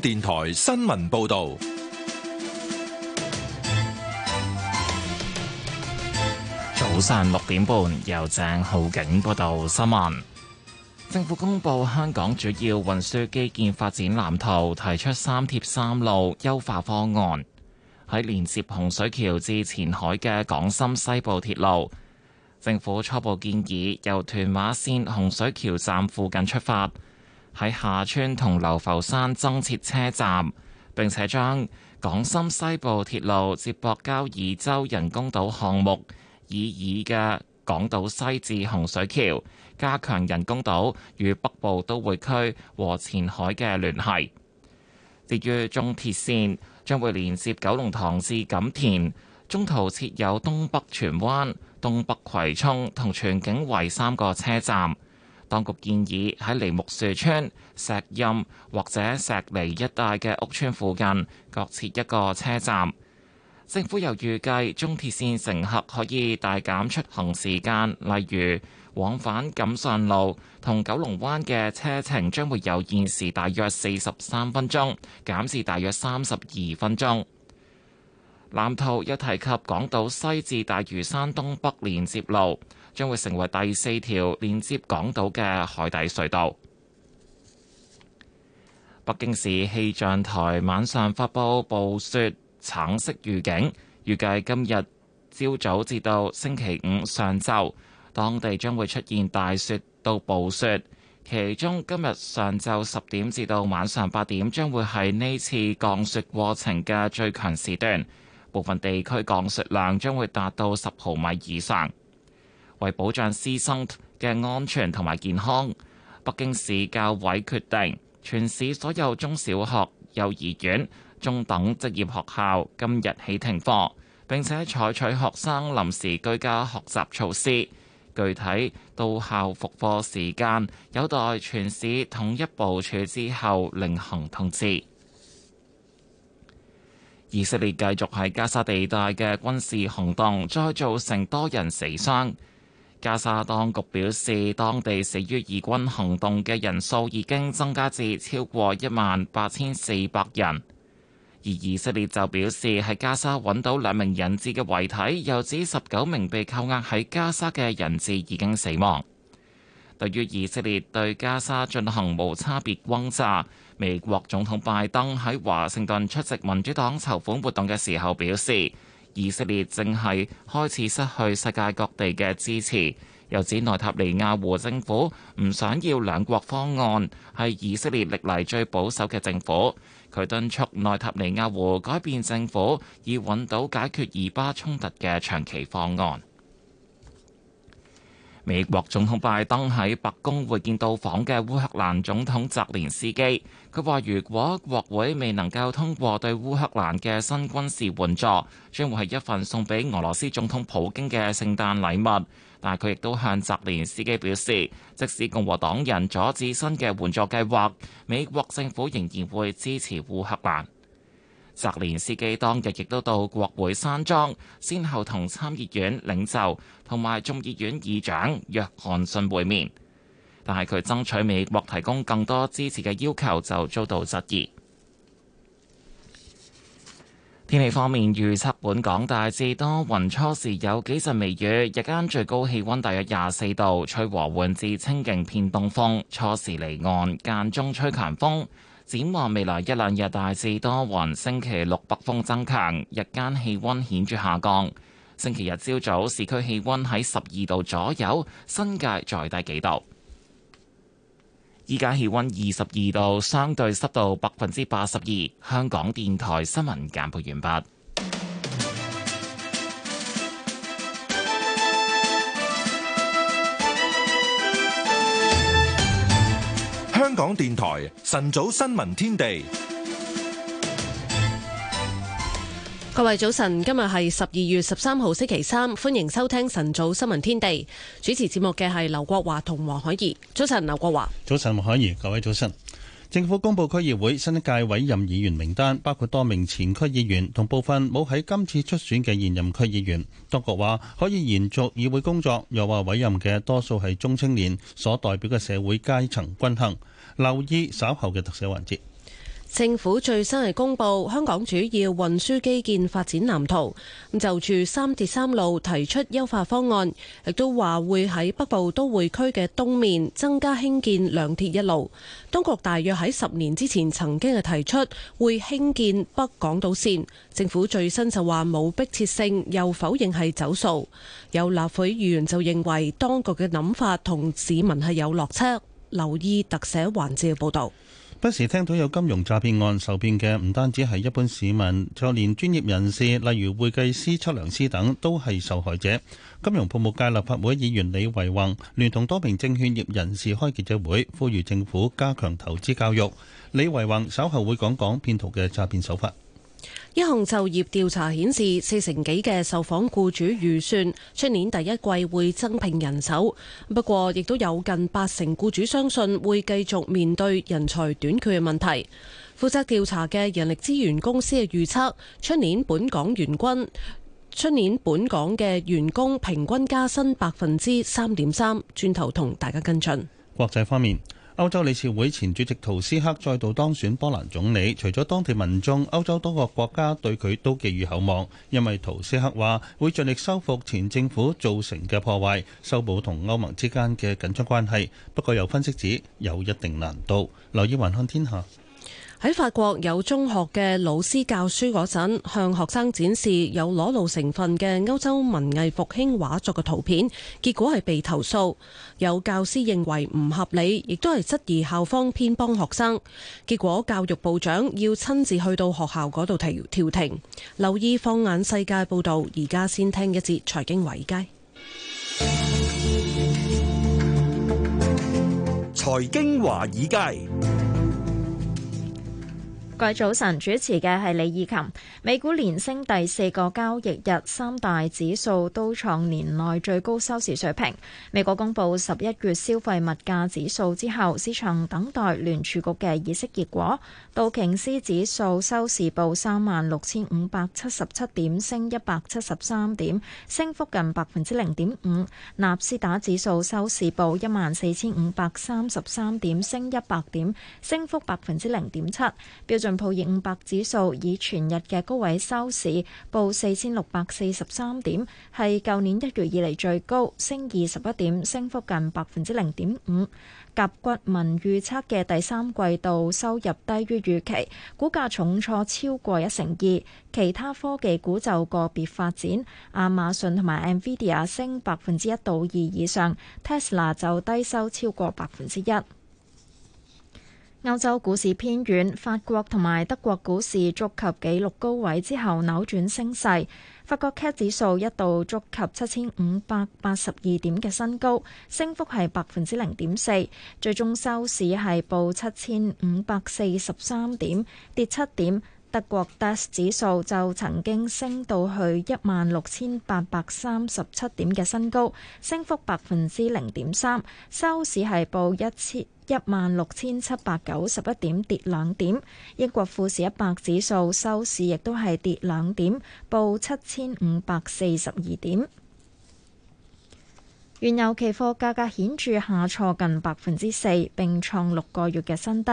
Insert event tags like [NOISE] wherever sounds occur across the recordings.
電台新聞報道，早上六點半由鄭浩景報道新聞。政府公布香港主要運輸基建發展藍圖，提出三鐵三路優化方案。喺連接洪水橋至前海嘅港深西部鐵路，政府初步建議由屯馬綫洪水橋站附近出發。喺廈村同流浮山增設車站，並且將港深西部鐵路接駁交椅洲人工島項目以以嘅港島西至洪水橋，加強人工島與北部都會區和前海嘅聯繫。至於中鐵線將會連接九龍塘至錦田，中途設有東北荃灣、東北葵涌同荃景圍三個車站。當局建議喺梨木樹村、石蔭或者石籬一帶嘅屋村附近各設一個車站。政府又預計，中鐵線乘客可以大減出行時間，例如往返錦上路同九龍灣嘅車程將會由現時大約四十三分鐘減至大約三十二分鐘。藍圖亦提及港島西至大嶼山東北連接路。將會成為第四條連接港島嘅海底隧道。北京市氣象台晚上發布暴雪橙色預警，預計今日朝早至到星期五上晝，當地將會出現大雪到暴雪。其中今日上晝十點至到晚上八點，將會係呢次降雪過程嘅最強時段，部分地區降雪量將會達到十毫米以上。為保障師生嘅安全同埋健康，北京市教委決定全市所有中小學、幼兒園、中等職業學校今日起停課，並且採取學生臨時居家學習措施。具體到校復課時間，有待全市統一部署之後另行通知。以色列繼續喺加沙地帶嘅軍事行動，再造成多人死傷。加沙當局表示，當地死於以軍行動嘅人數已經增加至超過一萬八千四百人，而以色列就表示，喺加沙揾到兩名人質嘅遺體，又指十九名被扣押喺加沙嘅人質已經死亡。對於以色列對加沙進行無差別轟炸，美國總統拜登喺華盛頓出席民主黨籌款活動嘅時候表示，以色列正係開始失去世界各地嘅支持，又指內塔尼亞胡政府唔想要兩國方案，係以色列歷嚟最保守嘅政府。佢敦促內塔尼亞胡改變政府，以揾到解決以巴衝突嘅長期方案。美國總統拜登喺白宮會見到訪嘅烏克蘭總統澤連斯基，佢話：如果國會未能夠通過對烏克蘭嘅新軍事援助，將會係一份送俾俄羅斯總統普京嘅聖誕禮物。但係佢亦都向澤連斯基表示，即使共和黨人阻止新嘅援助計劃，美國政府仍然會支持烏克蘭。澤連斯基當日亦都到國會山莊，先後同參議院領袖同埋眾議院議長約翰遜會面，但係佢爭取美國提供更多支持嘅要求就遭到質疑。天氣方面，預測本港大致多雲，初時有幾陣微雨，日間最高氣溫大約廿四度，吹和緩至清勁偏東風，初時離岸間中吹強風。展望未來一兩日大致多雲，星期六北風增強，日間氣温顯著下降。星期日朝早，市區氣温喺十二度左右，新界再低幾度。依家氣温二十二度，相對濕度百分之八十二。香港電台新聞簡報完畢。香港電台晨早新聞天地，各位早晨，今日係十二月十三號星期三，歡迎收聽晨早新聞天地。主持節目嘅係劉國華同黃海怡。早晨，劉國華。早晨，黃海怡。各位早晨。政府公布區議會新一屆委任議員名單，包括多名前區議員同部分冇喺今次出選嘅現任區議員。當局話可以延續議會工作，又話委任嘅多數係中青年，所代表嘅社會階層均衡。留意稍後嘅特寫環節。政府最新係公布香港主要運輸基建發展藍圖，咁就住三鐵三路提出優化方案，亦都話會喺北部都會區嘅東面增加興建兩鐵一路。當局大約喺十年之前曾經係提出會興建北港島線，政府最新就話冇迫切性，又否認係走數。有立會議員就認為當局嘅諗法同市民係有落差。留意特寫環節報道，不時聽到有金融詐騙案受騙嘅，唔單止係一般市民，就連專業人士，例如會計師、測量師等，都係受害者。金融服務界立法會議員李維宏聯同多名證券業人士開記者會，呼籲政府加強投資教育。李維宏稍後會講講騙徒嘅詐騙手法。一項就業調查顯示，四成幾嘅受訪僱主預算出年第一季會增聘人手，不過亦都有近八成僱主相信會繼續面對人才短缺嘅問題。負責調查嘅人力資源公司嘅預測，出年本港員均，出年本港嘅員工平均加薪百分之三點三。轉頭同大家跟進。國際方面。歐洲理事會前主席圖斯克再度當選波蘭總理，除咗當地民眾，歐洲多個國家對佢都寄予厚望，因為圖斯克話會盡力修復前政府造成嘅破壞，修補同歐盟之間嘅緊張關係。不過有分析指有一定難度。留意寰宇天下。喺法國有中學嘅老師教書嗰陣，向學生展示有裸露成分嘅歐洲文藝復興畫作嘅圖片，結果係被投訴。有教師認為唔合理，亦都係質疑校方偏幫學生。結果教育部長要親自去到學校嗰度調調停。留意放眼世界報道，而家先聽一節財經華爾街。財經華爾街。早晨主持嘅係李以琴。美股連升第四個交易日，三大指數都創年內最高收市水平。美國公布十一月消費物價指數之後，市場等待聯儲局嘅議息結果。道瓊斯指數收市報三萬六千五百七十七點，升一百七十三點，升幅近百分之零點五。納斯達指數收市報一萬四千五百三十三點，升一百點，升幅百分之零點七。標準標普五百指數以全日嘅高位收市，報四千六百四十三點，係舊年一月以嚟最高，升二十一點，升幅近百分之零點五。甲骨文預測嘅第三季度收入低於預期，股價重挫超過一成二。其他科技股就個別發展，亞馬遜同埋 NVIDIA 升百分之一到二以上，Tesla 就低收超過百分之一。歐洲股市偏軟，法國同埋德國股市觸及紀錄高位之後扭轉升勢，法國 CAC 指數一度觸及七千五百八十二點嘅新高，升幅係百分之零點四，最終收市係報七千五百四十三點，跌七點。德國 DAX 指數就曾經升到去一萬六千八百三十七點嘅新高，升幅百分之零點三，收市係報一千一萬六千七百九十一點，跌兩點。英國富時一百指數收市亦都係跌兩點，報七千五百四十二點。原油期貨價格顯著下挫近百分之四，並創六個月嘅新低。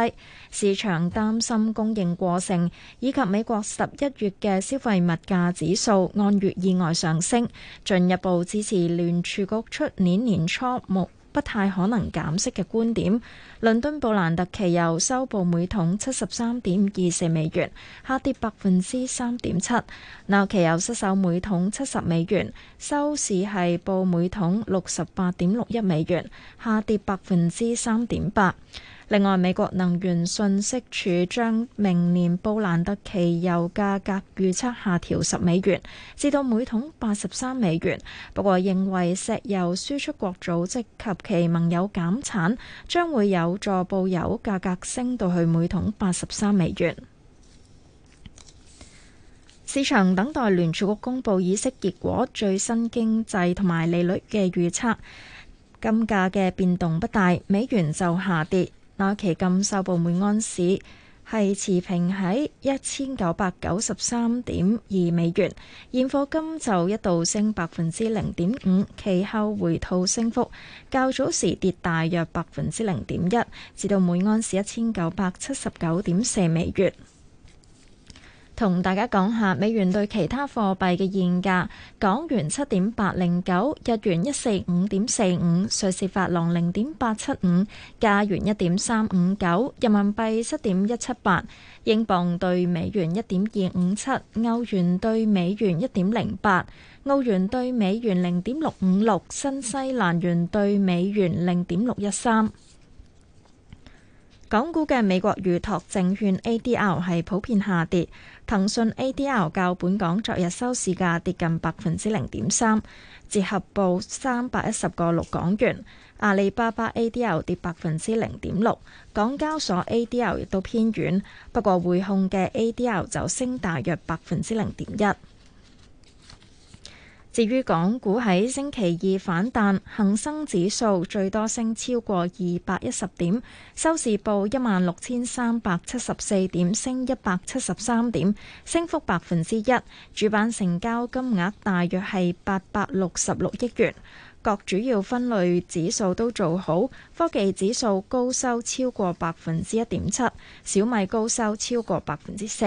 市場擔心供應過剩，以及美國十一月嘅消費物價指數按月意外上升，進一步支持聯儲局出年年初目不太可能減息嘅觀點。倫敦布蘭特期油收報每桶七十三點二四美元，下跌百分之三點七。紐期油失守每桶七十美元，收市係報每桶六十八點六一美元，下跌百分之三點八。另外，美國能源信息署將明年布蘭特期油價格預測下調十美元，至到每桶八十三美元。不過，認為石油輸出國組織及其盟友減產將會有助布油價格升到去每桶八十三美元。市場等待聯儲局公佈議息結果、最新經濟同埋利率嘅預測。金價嘅變動不大，美元就下跌。那期金收報每安士係持平喺一千九百九十三點二美元，現貨金就一度升百分之零點五，其後回吐升幅，較早時跌大約百分之零點一，至到每安士一千九百七十九點四美元。同大家講下美元對其他貨幣嘅現價：港元七點八零九，日元一四五點四五，瑞士法郎零點八七五，加元一點三五九，人民幣七點一七八，英鎊對美元一點二五七，歐元對美元一點零八，澳元對美元零點六五六，新西蘭元對美元零點六一三。港股嘅美國預託證券 ADR 係普遍下跌。騰訊 A D R 較本港昨日收市價跌近百分之零點三，折合報三百一十個六港元。阿里巴巴 A D R 跌百分之零點六，港交所 A D R 亦都偏軟，不過匯控嘅 A D R 就升大約百分之零點一。至於港股喺星期二反彈，恒生指數最多升超過二百一十點，收市報一萬六千三百七十四點，升一百七十三點，升幅百分之一。主板成交金額大約係八百六十六億元，各主要分類指數都做好，科技指數高收超過百分之一點七，小米高收超過百分之四。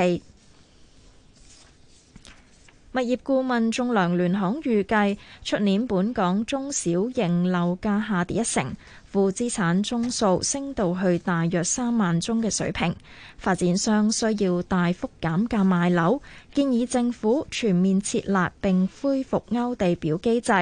物業顧問仲量聯行預計，出年本港中小型樓價下跌一成，負資產宗數升到去大約三萬宗嘅水平。發展商需要大幅減價賣樓，建議政府全面設立並恢復勾地表機制，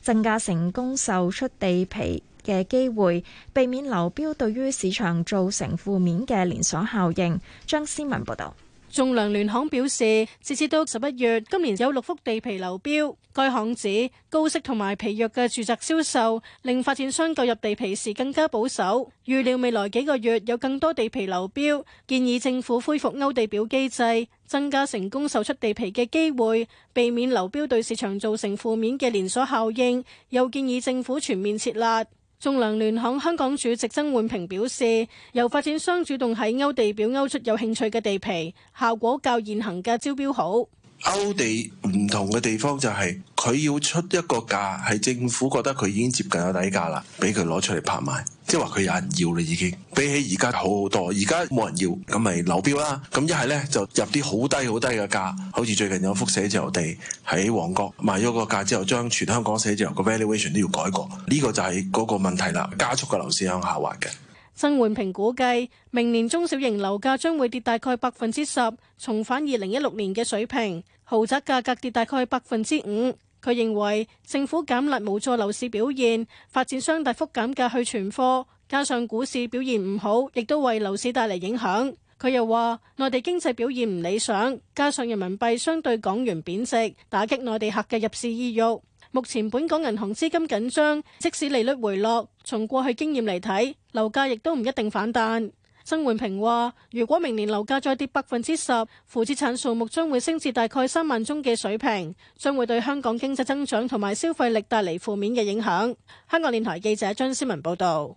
增加成功售出地皮嘅機會，避免流標對於市場造成負面嘅連鎖效應。張思文報道。仲量聯行表示，截至到十一月，今年有六幅地皮流標。該行指高息同埋疲弱嘅住宅銷售令發展商購入地皮時更加保守，預料未來幾個月有更多地皮流標。建議政府恢復勾地表機制，增加成功售出地皮嘅機會，避免流標，標對市場造成負面嘅連鎖效應。又建議政府全面設立。仲量聯行香港主席曾煥平表示，由發展商主動喺勾地表勾出有興趣嘅地皮，效果較現行嘅招標好。歐地唔同嘅地方就係，佢要出一個價，係政府覺得佢已經接近有底價啦，俾佢攞出嚟拍賣，即係話佢有人要啦已經。比起而家好好多，而家冇人要，咁咪流標啦。咁一係呢，就入啲好低好低嘅價，好似最近有幅寫字樓地喺旺角賣咗個價之後，將全香港寫字樓個 valuation 都要改過。呢個就係嗰個問題啦，加速個樓市向下滑嘅。曾煥平估計，明年中小型樓價將會跌大概百分之十，重返二零一六年嘅水平；豪宅價格跌大概百分之五。佢認為政府減辣無助樓市表現，發展商大幅減價去存貨，加上股市表現唔好，亦都為樓市帶嚟影響。佢又話內地經濟表現唔理想，加上人民幣相對港元貶值，打擊內地客嘅入市意欲。目前本港銀行資金緊張，即使利率回落，從過去經驗嚟睇，樓價亦都唔一定反彈。曾煥平話，如果明年樓價再跌百分之十，負資產數目將會升至大概三萬宗嘅水平，將會對香港經濟增長同埋消費力帶嚟負面嘅影響。香港電台記者張思文報道。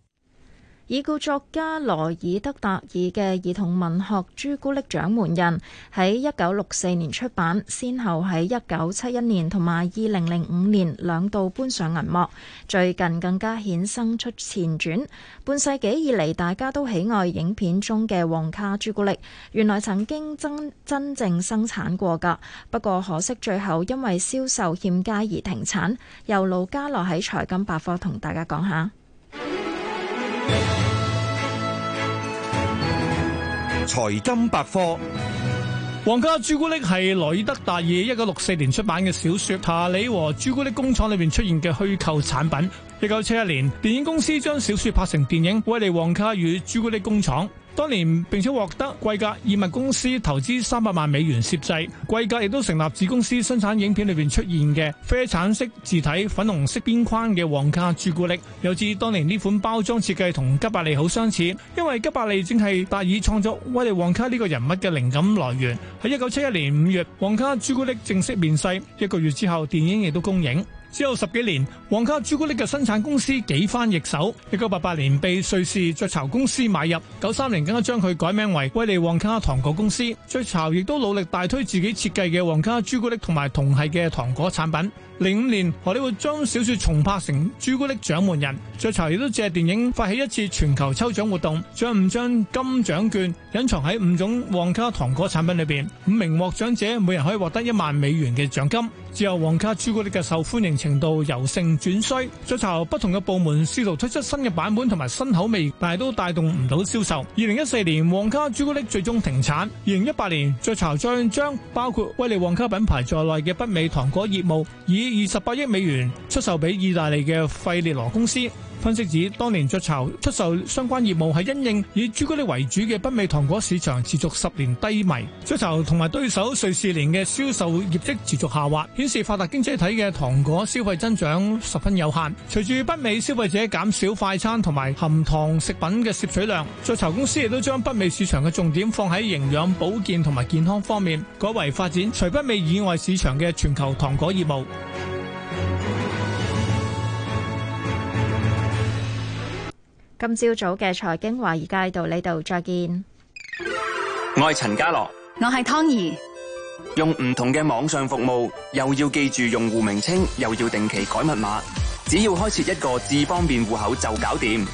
已故作家羅爾德·達爾嘅兒童文學《朱古力掌門人》，喺一九六四年出版，先後喺一九七一年同埋二零零五年兩度搬上銀幕。最近更加衍生出前傳。半世紀以嚟，大家都喜愛影片中嘅旺卡朱古力，原來曾經真真正生產過噶。不過可惜最後因為銷售欠佳而停產。由盧家樂喺財金百貨同大家講下。財金百科，《旺卡朱古力》係羅爾德·達爾一九六四年出版嘅小說，《查理和朱古力工廠》裏面出現嘅虛構產品。一九七一年，電影公司將小說拍成電影《威利旺卡與朱古力工廠》。當年並且獲得桂格以物公司投資三百萬美元攝製，桂格亦都成立子公司生產影片裏邊出現嘅啡橙色字體、粉紅色邊框嘅旺卡朱古力。又指當年呢款包裝設計同吉百利好相似，因為吉百利正係達爾創作《威利旺卡》呢個人物嘅靈感來源。喺一九七一年五月，旺卡朱古力正式面世，一個月之後電影亦都公映。之後十幾年，旺卡朱古力嘅生產公司幾番易手，一九八八年被瑞士雀巢公司買入，九三年更加將佢改名為威利旺卡糖果公司。雀巢亦都努力大推自己設計嘅旺卡朱古力同埋同系嘅糖果產品。零五年，荷里活將小説重拍成《朱古力獎門人》，雀巢亦都借電影發起一次全球抽獎活動，將五張金獎券隱藏喺五種旺卡糖果產品裏邊。五名獲獎者每人可以獲得一萬美元嘅獎金。之後，旺卡朱古力嘅受歡迎程度由盛轉衰，雀巢不同嘅部門試圖推出新嘅版本同埋新口味，但係都帶動唔到銷售。二零一四年，旺卡朱古力最終停產。二零一八年，雀巢將將包括威利旺卡品牌在內嘅北美糖果業務以二十八億美元出售俾意大利嘅費列羅公司。分析指，當年雀巢出售相關業務係因應以朱古力為主嘅北美糖果市場持續十年低迷，雀巢同埋對手瑞士蓮嘅銷售業績持續下滑，顯示發達經濟體嘅糖果消費增長十分有限。隨住北美消費者減少快餐同埋含糖食品嘅攝取量，雀巢公司亦都將北美市場嘅重點放喺營養、保健同埋健康方面，改為發展除北美以外市場嘅全球糖果業務。今朝早嘅財經華爾街到呢度再見。我係陳家樂，我係湯兒。用唔同嘅網上服務，又要記住用戶名稱，又要定期改密碼，只要開設一個智方便戶口就搞掂。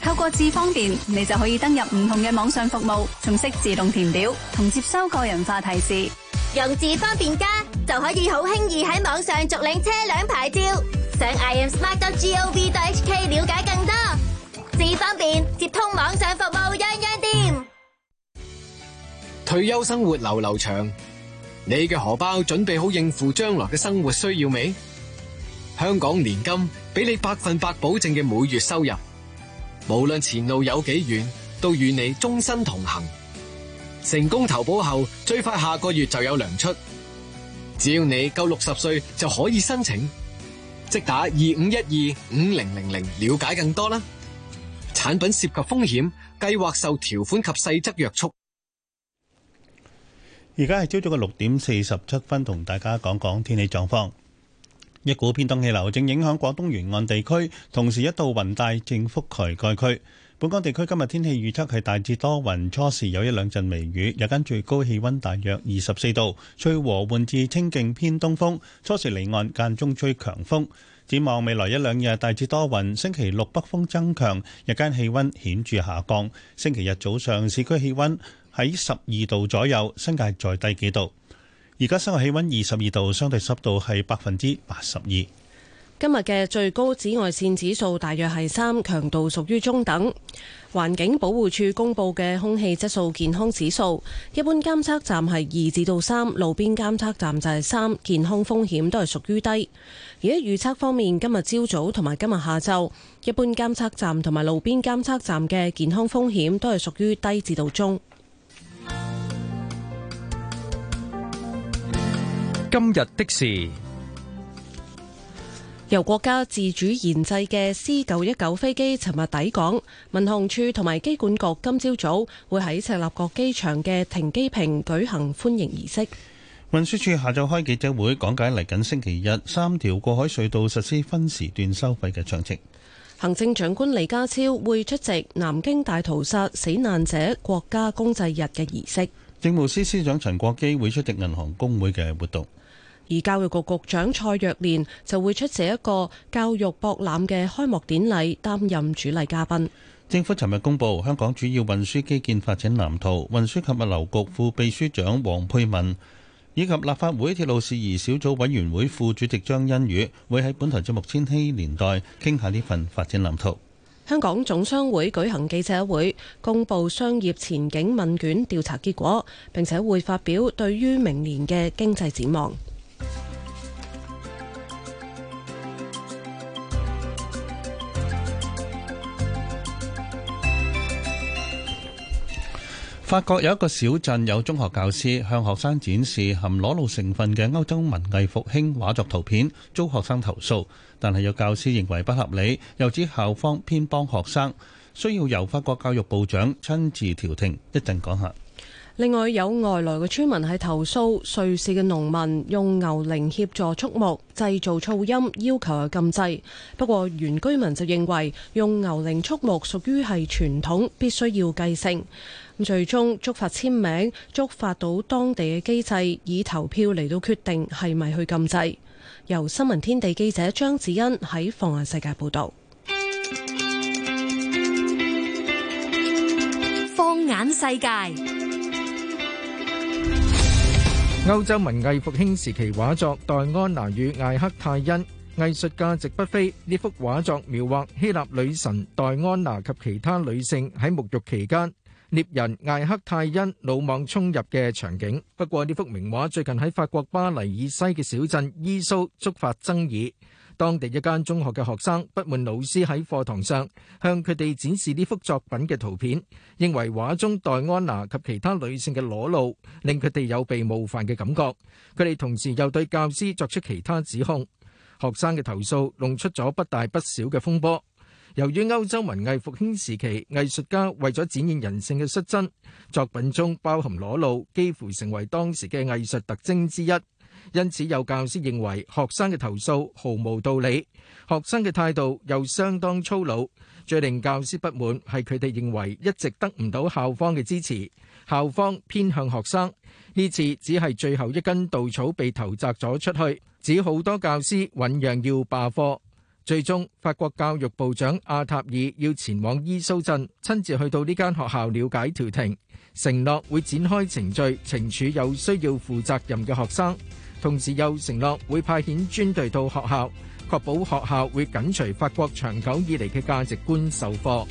透過智方便，你就可以登入唔同嘅網上服務，仲識自動填表同接收個人化提示。用智方便家就可以好輕易喺網上續領車輛牌照，上 iamsmart dot g o v dot h k 了解更多。至方便接通網上服務，樣樣掂。退休生活流流長，你嘅荷包準備好應付將來嘅生活需要未？香港年金俾你百分百保證嘅每月收入，無論前路有幾遠，都與你終身同行。成功投保後，最快下個月就有糧出。只要你夠六十歲就可以申請，即打二五一二五零零零了解更多啦。產品涉及風險，計劃受條款及細則約束。而家係朝早嘅六點四十七分，同大家講講天氣狀況。一股偏東氣流正影響廣東沿岸地區，同時一道雲帶正覆蓋該區。本港地區今日天氣預測係大致多雲，初時有一兩陣微雨，日間最高氣温大約二十四度，吹和緩至清勁偏東風，初時離岸間中吹強風。展望未來一兩日大致多雲，星期六北風增強，日間氣温顯著下降。星期日早上市區氣温喺十二度左右，新界再低幾度。而家室外氣温二十二度，相對濕度係百分之八十二。今日嘅最高紫外線指數大約係三，強度屬於中等。環境保護署公布嘅空氣質素健康指數，一般監測站係二至到三，路邊監測站就係三，健康風險都係屬於低。而喺預測方面，今日朝早同埋今日下晝，一般監測站同埋路邊監測站嘅健康風險都係屬於低至到中。今日的事，由國家自主研製嘅 C 九一九飛機，尋日抵港，民航處同埋機管局今朝早會喺赤鱲角機場嘅停機坪舉行歡迎儀式。運輸署下晝開記者會，講解嚟緊星期日三條過海隧道實施分時段收費嘅詳情。行政長官李家超會出席南京大屠殺死難者國家公祭日嘅儀式。政務司司長陳國基會出席銀行公會嘅活動，而教育局局長蔡若蓮就會出席一個教育博覽嘅開幕典禮，擔任主禮嘉賓。政府尋日公布香港主要運輸基建發展藍圖，運輸及物流局副秘書長黃佩文以及立法會鐵路事宜小組委員會副主席張欣宇會喺本台節目《千禧年代》傾下呢份發展藍圖。香港總商會舉行記者會，公佈商業前景問卷調查結果，並且會發表對於明年嘅經濟展望。法國有一個小鎮，有中學教師向學生展示含裸露成分嘅歐洲文藝復興畫作圖片，遭學生投訴。但係有教師認為不合理，又指校方偏幫學生，需要由法國教育部長親自調停。一陣講下。另外有外來嘅村民係投訴瑞士嘅農民用牛鈴協助畜牧，製造噪音，要求係禁制。不過原居民就認為用牛鈴畜牧屬於係傳統，必須要繼承。最終觸發簽名，觸發到當地嘅機制，以投票嚟到決定係咪去禁制。由新聞天地記者張子欣喺放眼世界報道。放眼世界。報導歐洲文藝復興時期畫作《黛安娜與艾克泰恩》藝術價值不菲。呢幅畫作描畫希臘女神黛安娜及其他女性喺沐浴期間，獵人艾克泰恩魯莽衝入嘅場景。不過呢幅名畫最近喺法國巴黎以西嘅小鎮伊蘇觸發爭議。當地一間中學嘅學生，不滿老師喺課堂上向佢哋展示呢幅作品嘅圖片，認為畫中黛安娜及其他女性嘅裸露令佢哋有被冒犯嘅感覺。佢哋同時又對教師作出其他指控。學生嘅投訴弄出咗不大不小嘅風波。由於歐洲文藝復興時期，藝術家為咗展現人性嘅率真，作品中包含裸露幾乎成為當時嘅藝術特徵之一。因此，有教師認為學生嘅投訴毫無道理，學生嘅態度又相當粗魯。最令教師不滿係佢哋認為一直得唔到校方嘅支持，校方偏向學生。呢次只係最後一根稻草被投擲咗出去，使好多教師醞釀要罷課。最終，法國教育部長阿塔爾要前往伊蘇鎮，親自去到呢間學校了解調停，承諾會展開程序懲處有需要負責任嘅學生。同時又承諾會派遣專隊到學校，確保學校會緊隨法國長久以嚟嘅價值觀授課。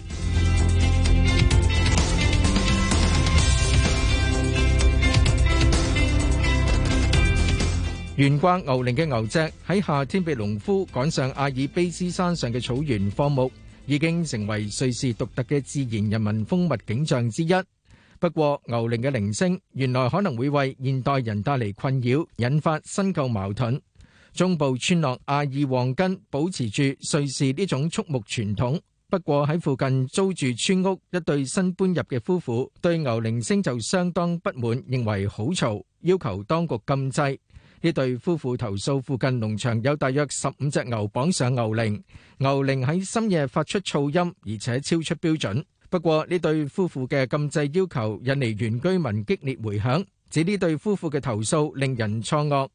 懸掛牛鈴嘅牛隻喺夏天被農夫趕上阿爾卑斯山上嘅草原放牧，已經成為瑞士獨特嘅自然人文風物景象之一。不過，牛鈴嘅鈴聲原來可能會為現代人帶嚟困擾，引發新舊矛盾。中部村落阿爾旺根保持住瑞士呢種畜牧傳統，不過喺附近租住村屋一對新搬入嘅夫婦對牛鈴聲就相當不滿，認為好嘈，要求當局禁制。呢對夫婦投訴附近農場有大約十五隻牛綁上牛鈴，牛鈴喺深夜發出噪音，而且超出標準。不過呢對夫婦嘅禁制要求引嚟原居民激烈回響，指呢對夫婦嘅投訴令人錯愕，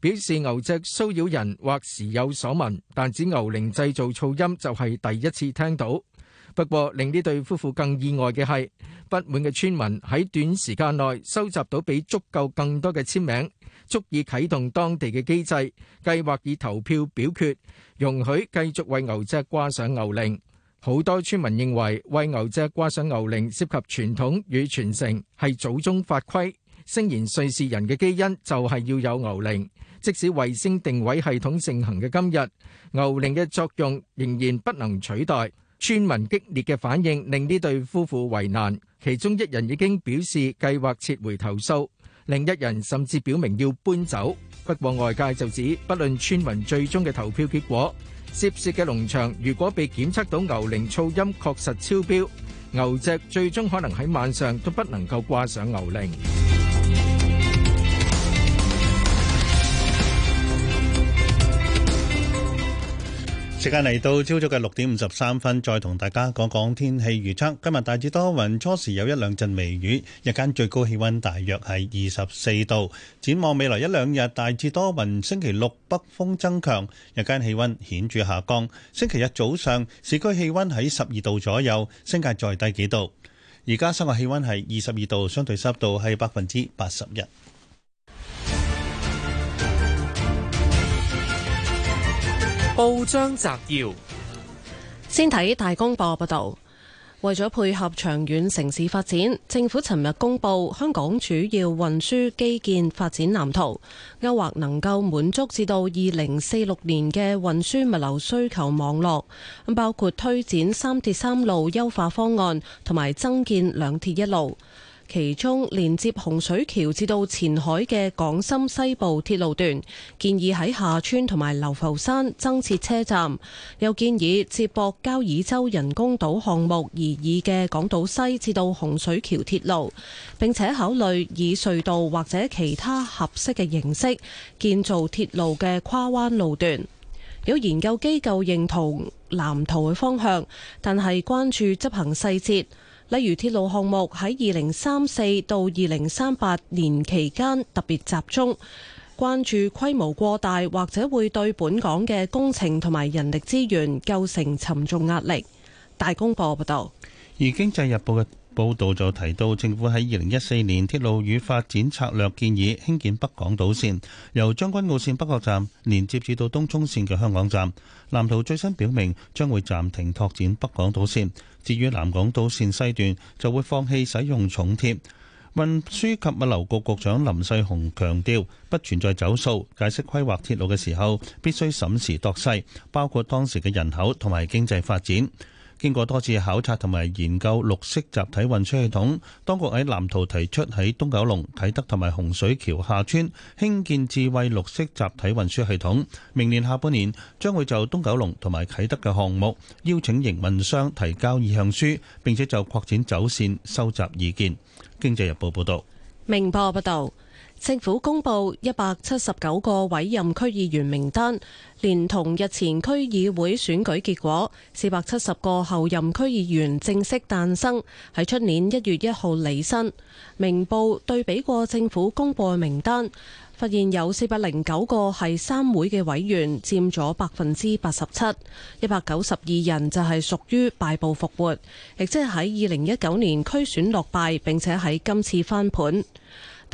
表示牛隻騷擾人或時有所聞，但指牛鈴製造噪音就係第一次聽到。不過令呢對夫婦更意外嘅係，不滿嘅村民喺短時間內收集到比足夠更多嘅簽名，足以啟動當地嘅機制，計劃以投票表決，容許繼續為牛隻掛上牛鈴。好多村民認為為牛隻掛上牛鈴涉及傳統與傳承，係祖宗法規。聲言瑞士人嘅基因就係要有牛鈴，即使衛星定位系統盛行嘅今日，牛鈴嘅作用仍然不能取代。村民激烈嘅反應令呢對夫婦為難，其中一人已經表示計劃撤回投訴，另一人甚至表明要搬走。不過外界就指，不論村民最終嘅投票結果，涉事嘅農場如果被檢測到牛鈴噪音確實超標，牛隻最終可能喺晚上都不能夠掛上牛鈴。時間嚟到朝早嘅六點五十三分，再同大家講講天氣預測。今日大致多雲，初時有一兩陣微雨，日間最高氣溫大約係二十四度。展望未來一兩日大致多雲，星期六北風增強，日間氣溫顯著下降。星期日早上市區氣溫喺十二度左右，新界再低幾度。而家室外氣溫係二十二度，相對濕度係百分之八十一。報章摘要，先睇大公報報道。為咗配合長遠城市發展，政府尋日公布香港主要運輸基建發展藍圖，勾畫能夠滿足至到二零四六年嘅運輸物流需求網絡。包括推展三鐵三路優化方案，同埋增建兩鐵一路。其中連接洪水橋至到前海嘅港深西部鐵路段，建議喺下村同埋流浮山增設車站，又建議接駁交椅洲人工島項目而二嘅港島西至到洪水橋鐵路，並且考慮以隧道或者其他合適嘅形式建造鐵路嘅跨灣路段。有研究機構認同藍圖嘅方向，但係關注執行細節。例如鐵路項目喺二零三四到二零三八年期間特別集中，關注規模過大，或者會對本港嘅工程同埋人力資源構成沉重壓力。大公報報道。而《經濟日報》嘅。報道就提到，政府喺二零一四年鐵路與發展策略建議興建北港島線，由將軍澳線北角站連接至到東涌線嘅香港站。藍圖最新表明將會暫停拓展北港島線，至於南港島線西段就會放棄使用重鐵。運輸及物流局局長林世雄強調，不存在走數，解釋規劃鐵路嘅時候必須審時度勢，包括當時嘅人口同埋經濟發展。經過多次考察同埋研究綠色集體運輸系統，當局喺藍圖提出喺東九龍啟德同埋洪水橋下村興建智慧綠色集體運輸系統。明年下半年將會就東九龍同埋啟德嘅項目邀請營運商提交意向書，並且就擴展走綫收集意見。經濟日報報，報道。明報報道。政府公布一百七十九個委任區議員名單，連同日前區議會選舉結果，四百七十個候任區議員正式誕生，喺出年一月一號履新。明報對比過政府公布名單，發現有四百零九個係三會嘅委員，佔咗百分之八十七，一百九十二人就係屬於敗部復活，亦即係喺二零一九年區選落敗，並且喺今次翻盤。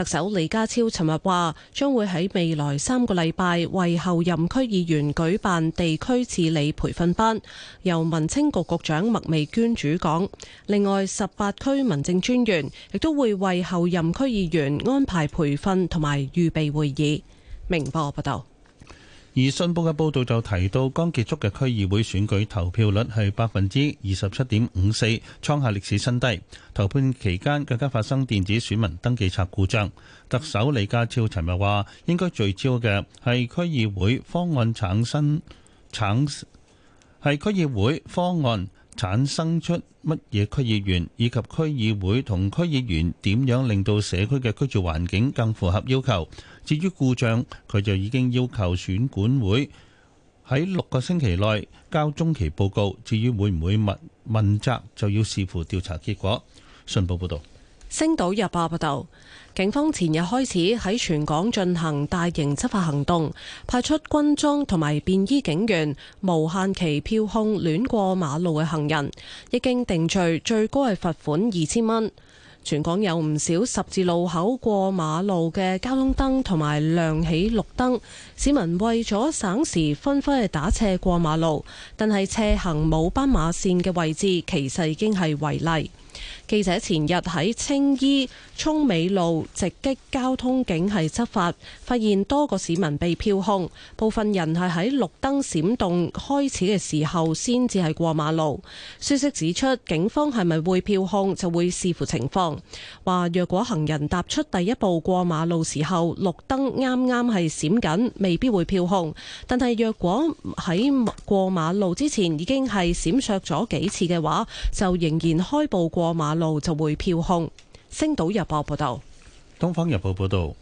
特首李家超尋日話，將會喺未來三個禮拜為後任區議員舉辦地區治理培訓班，由民青局局長麥美娟主講。另外，十八區民政專員亦都會為後任區議員安排培訓同埋預備會議。明報報道。而信報嘅報導就提到，剛結束嘅區議會選舉投票率係百分之二十七點五四，創下歷史新低。投票期間更加發生電子選民登記冊故障。特首李家超尋日話：應該聚焦嘅係區議會方案產生產係區議會方案產生出乜嘢區議員，以及區議會同區議員點樣令到社區嘅居住環境更符合要求。至於故障，佢就已經要求選管會喺六個星期內交中期報告。至於會唔會問問責，就要視乎調查結果。信報報導，星島日報報道，警方前日開始喺全港進行大型執法行動，派出軍裝同埋便衣警員，無限期票控亂過馬路嘅行人，一經定罪，最高係罰款二千蚊。全港有唔少十字路口過馬路嘅交通燈同埋亮起綠燈，市民為咗省時，紛紛去打斜過馬路，但係斜行冇斑馬線嘅位置，其實已經係違例。記者前日喺青衣涌美路直擊交通警係執法，發現多個市民被票控，部分人係喺綠燈閃動開始嘅時候先至係過馬路。消息指出，警方係咪會票控就會視乎情況。話若果行人踏出第一步過馬路時候，綠燈啱啱係閃緊，未必會票控。但係若果喺過馬路之前已經係閃爍咗幾次嘅話，就仍然開步過馬路。路就會飄紅。星島日報報導，東方日報報導，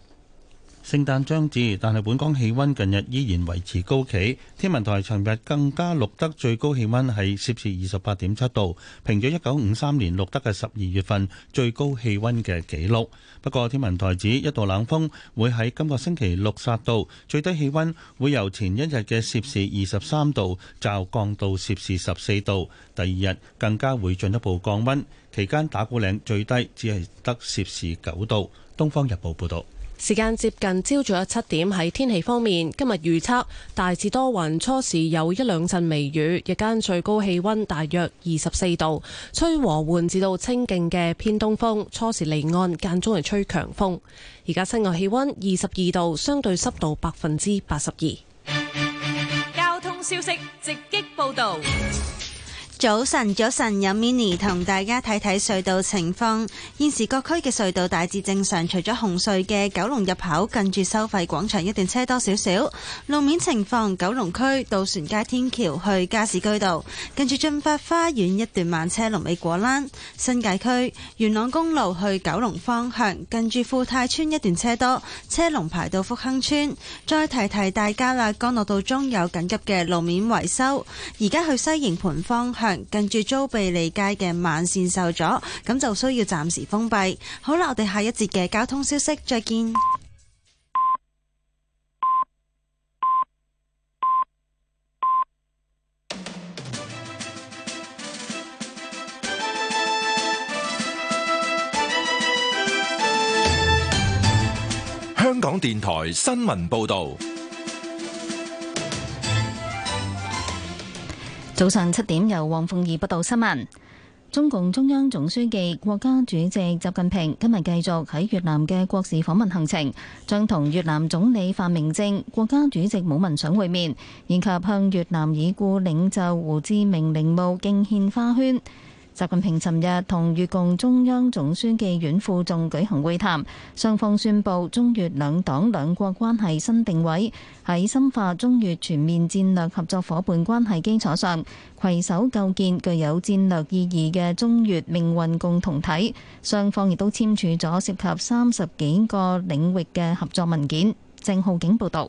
聖誕將至，但係本港氣温近日依然維持高企。天文台尋日更加錄得最高氣温係攝氏二十八點七度，平咗一九五三年錄得嘅十二月份最高氣温嘅紀錄。不過天文台指一度冷風會喺今個星期六殺到，最低氣温會由前一日嘅攝氏二十三度驟降到攝氏十四度。第二日更加會進一步降温。期間打鼓嶺最低只係得攝氏九度。東方日報報道，時間接近朝早七點。喺天氣方面，今日預測大致多雲，初時有一兩陣微雨，日間最高氣溫大約二十四度，吹和緩至到清勁嘅偏東風，初時離岸間中係吹強風。而家室外氣溫二十二度，相對濕度百分之八十二。交通消息直擊報道。早晨，早晨，有 Mini 同大家睇睇隧道情況。現時各區嘅隧道大致正常，除咗紅隧嘅九龍入口近住收費廣場一段車多少少。路面情況：九龍區渡船街天橋去加士居道近住駿發花園一段慢車龍尾果欄；新界區元朗公路去九龍方向近住富泰邨一段車多，車龍排到福亨村。再提提大家啦，干諾道中有緊急嘅路面維修。而家去西營盤方向，近住租庇利街嘅慢線受阻，咁就需要暫時封閉。好啦，我哋下一節嘅交通消息，再見。香港電台新聞報道。早晨七點，由黃鳳儀報道新聞。中共中央總書記、國家主席習近平今日繼續喺越南嘅國事訪問行程，將同越南總理范明政、國家主席武文賞會面，以及向越南已故領袖胡志明陵墓敬獻花圈。習近平尋日同越共中央總書記阮富仲舉行會談，雙方宣布中越兩黨兩國關係新定位，喺深化中越全面戰略合作伙伴關係基礎上，携手構建具有戰略意義嘅中越命運共同體。雙方亦都簽署咗涉及三十幾個領域嘅合作文件。鄭浩景報道。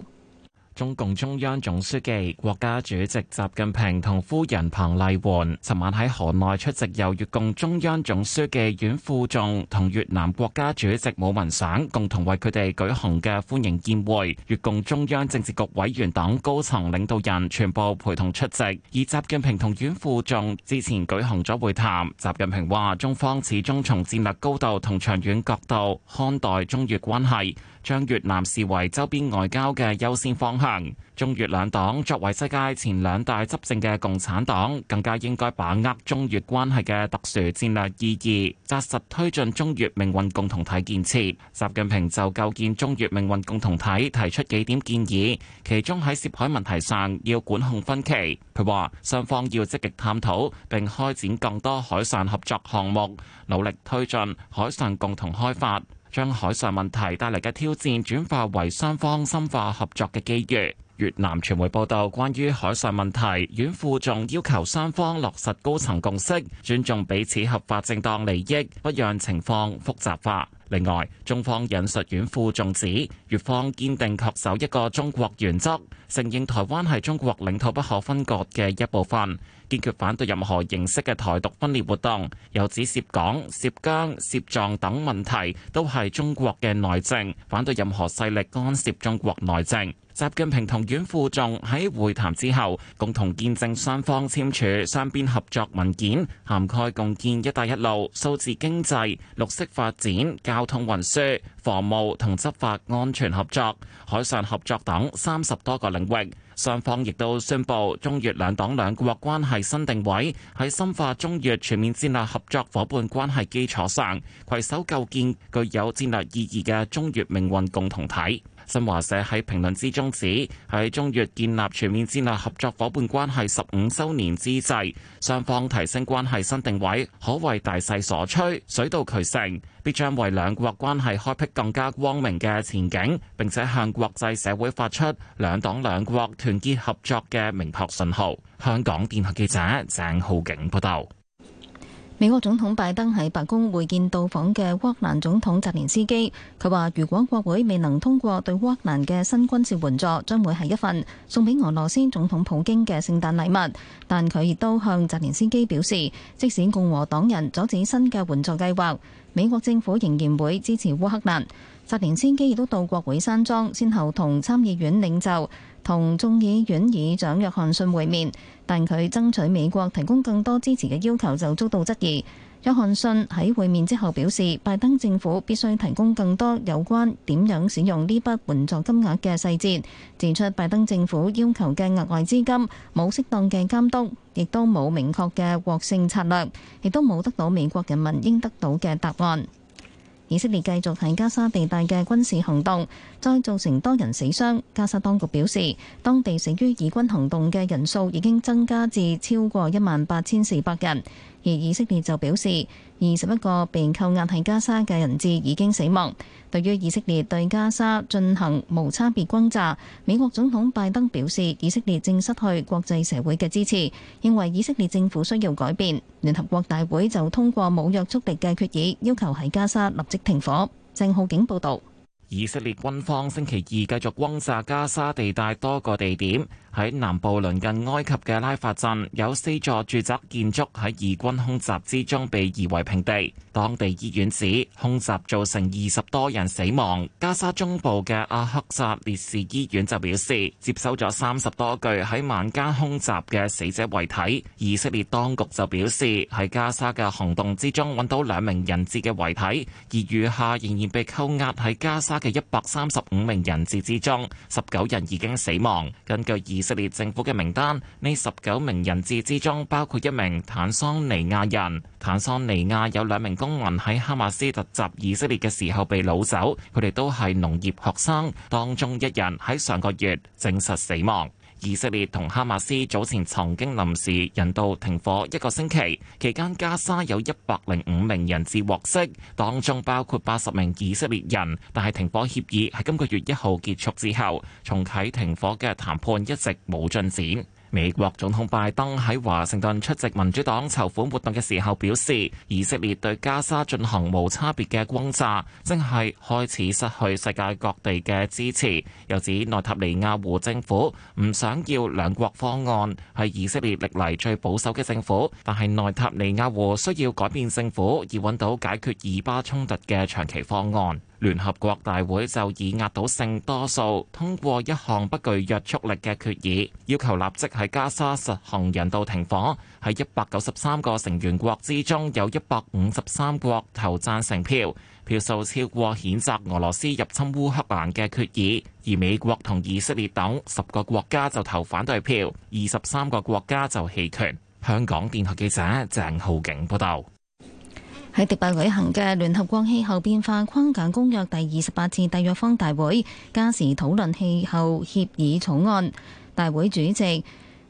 中共中央總書記、國家主席習近平同夫人彭麗媛，尋晚喺河內出席由越共中央總書記阮富仲同越南國家主席武文省共同為佢哋舉行嘅歡迎宴會，越共中央政治局委員等高層領導人全部陪同出席。而習近平同阮富仲之前舉行咗會談，習近平話中方始終從戰略高度同長遠角度看待中越關係。將越南視為周邊外交嘅優先方向。中越兩黨作為世界前兩大執政嘅共產黨，更加應該把握中越關係嘅特殊戰略意義，紮實推進中越命運共同體建設。習近平就構建中越命運共同體提出幾點建議，其中喺涉海問題上要管控分歧。佢話，雙方要積極探討，並開展更多海上合作項目，努力推進海上共同開發。將海上問題帶嚟嘅挑戰轉化為雙方深化合作嘅機遇。越南傳媒報道，關於海上問題，阮富仲要求雙方落實高層共識，尊重彼此合法正當利益，不讓情況複雜化。另外，中方引述阮富仲指，越方堅定恪守一個中國原則，承認台灣係中國領土不可分割嘅一部分。堅決反對任何形式嘅台獨分裂活動，又指涉港、涉疆、涉藏等問題都係中國嘅內政，反對任何勢力干涉中國內政。習近平同阮富仲喺會談之後共同見證雙方簽署雙邊合作文件，涵蓋共建「一帶一路」、數字經濟、綠色發展、交通運輸、防務同執法安全合作、海上合作等三十多個領域。雙方亦都宣布中越兩黨兩國關係新定位，喺深化中越全面戰略合作夥伴關係基礎上，攜手構建具有戰略意義嘅中越命運共同體。新華社喺評論之中指，喺中越建立全面戰略合作夥伴關係十五周年之際，雙方提升關係新定位，可謂大勢所趨，水到渠成，必將為兩國關係開闢更加光明嘅前景，並且向國際社會發出兩黨兩國團結合作嘅明確信號。香港電台記者鄭浩景報道。美國總統拜登喺白宮會見到訪嘅烏克蘭總統澤連斯基，佢話，如果國會未能通過對烏克蘭嘅新軍事援助，將會係一份送俾俄羅斯總統普京嘅聖誕禮物。但佢亦都向澤連斯基表示，即使共和黨人阻止新嘅援助計劃，美國政府仍然會支持烏克蘭。澤連斯基亦都到國會山莊，先後同參議院領袖同眾議院議長約翰遜會面，但佢爭取美國提供更多支持嘅要求就遭到質疑。約翰遜喺會面之後表示，拜登政府必須提供更多有關點樣使用呢筆援助金額嘅細節，指出拜登政府要求嘅額外資金冇適當嘅監督，亦都冇明確嘅獲勝策略，亦都冇得到美國人民應得到嘅答案。以色列繼續喺加沙地帶嘅軍事行動，再造成多人死傷。加沙當局表示，當地死於以軍行動嘅人數已經增加至超過一萬八千四百人，而以色列就表示，二十一個被扣押喺加沙嘅人質已經死亡。對於以色列對加沙進行無差別轟炸，美國總統拜登表示，以色列正失去國際社會嘅支持，認為以色列政府需要改變。聯合國大會就通過冇約束力嘅決議，要求喺加沙立即停火。鄭浩景報道。以色列軍方星期二繼續轟炸加沙地帶多個地點，喺南部鄰近埃及嘅拉法鎮，有四座住宅建築喺以軍空襲之中被夷為平地。當地醫院指空襲造成二十多人死亡。加沙中部嘅阿克薩烈士醫院就表示，接收咗三十多具喺晚間空襲嘅死者遺體。以色列當局就表示喺加沙嘅行動之中搵到兩名人質嘅遺體，而餘下仍然被扣押喺加沙嘅一百三十五名人質之中，十九人已經死亡。根據以色列政府嘅名單，呢十九名人質之中包括一名坦桑尼亞人。坦桑尼亞有兩名公民喺哈馬斯突襲以色列嘅時候被擄走，佢哋都係農業學生，當中一人喺上個月證實死亡。以色列同哈馬斯早前曾經臨時人道停火一個星期，期間加沙有一百零五名人質獲釋，當中包括八十名以色列人。但係停火協議喺今個月一號結束之後，重啟停火嘅談判一直冇進展。美國總統拜登喺華盛頓出席民主黨籌款活動嘅時候表示，以色列對加沙進行無差別嘅轟炸，正係開始失去世界各地嘅支持。又指內塔尼亞胡政府唔想要兩國方案，係以色列歷嚟最保守嘅政府，但係內塔尼亞胡需要改變政府，以搵到解決以巴衝突嘅長期方案。聯合國大會就以壓倒性多數通過一項不具約束力嘅決議，要求立即喺加沙實行人道停火。喺一百九十三個成員國之中，有一百五十三國投贊成票，票數超過譴責俄羅斯入侵烏克蘭嘅決議。而美國同以色列等十個國家就投反對票，二十三個國家就棄權。香港電台記者鄭浩景報道。喺迪拜舉行嘅聯合國氣候變化框架公約第二十八次締約方大會，加時討論氣候協議草案。大會主席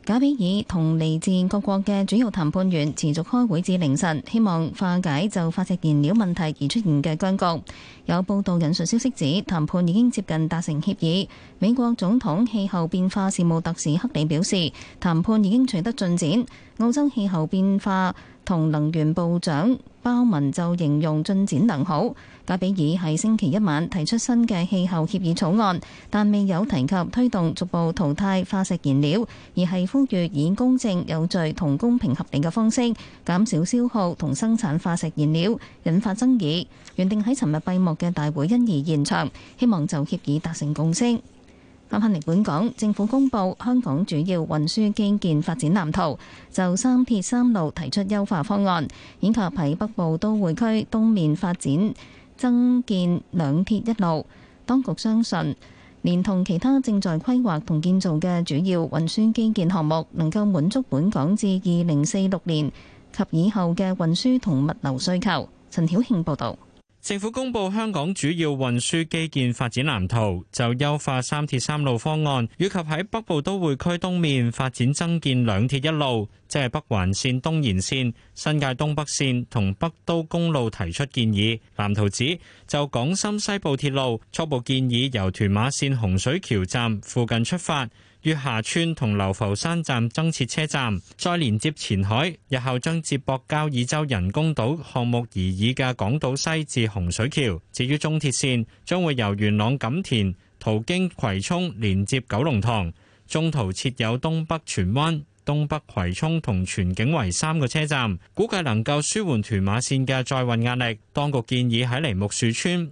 賈比爾同嚟自各國嘅主要談判員持續開會至凌晨，希望化解就化石燃料問題而出現嘅僵局。有報道引述消息指，談判已經接近達成協議。美國總統氣候變化事務特使克里表示，談判已經取得進展。澳洲氣候變化同能源部長包文就形容進展良好，加比爾喺星期一晚提出新嘅氣候協議草案，但未有提及推動逐步淘汰化石燃料，而係呼籲以公正、有序同公平合理嘅方式減少消耗同生產化石燃料，引發爭議。原定喺尋日閉幕嘅大會因而延長，希望就協議達成共識。啱啱嚟，本港，政府公布香港主要運輸基建發展藍圖，就三鐵三路提出優化方案，以及喺北部都會區東面發展增建兩鐵一路。當局相信，連同其他正在規劃同建造嘅主要運輸基建項目，能夠滿足本港至二零四六年及以後嘅運輸同物流需求。陳曉慶報道。政府公布香港主要運輸基建發展藍圖，就優化三鐵三路方案，以及喺北部都會區東面發展增建兩鐵一路，即係北環綫東延綫、新界東北綫同北都公路提出建議。藍圖指，就港深西部鐵路初步建議由屯馬綫洪水橋站附近出發。月廈村同流浮山站增設車站，再連接前海，日後將接駁交椅洲人工島項目而以嘅港島西至洪水橋。至於中鐵線，將會由元朗錦田途經葵涌連接九龍塘，中途設有東北荃灣、東北葵涌同荃景圍三個車站，估計能夠舒緩屯馬線嘅載運壓力。當局建議喺梨木樹村，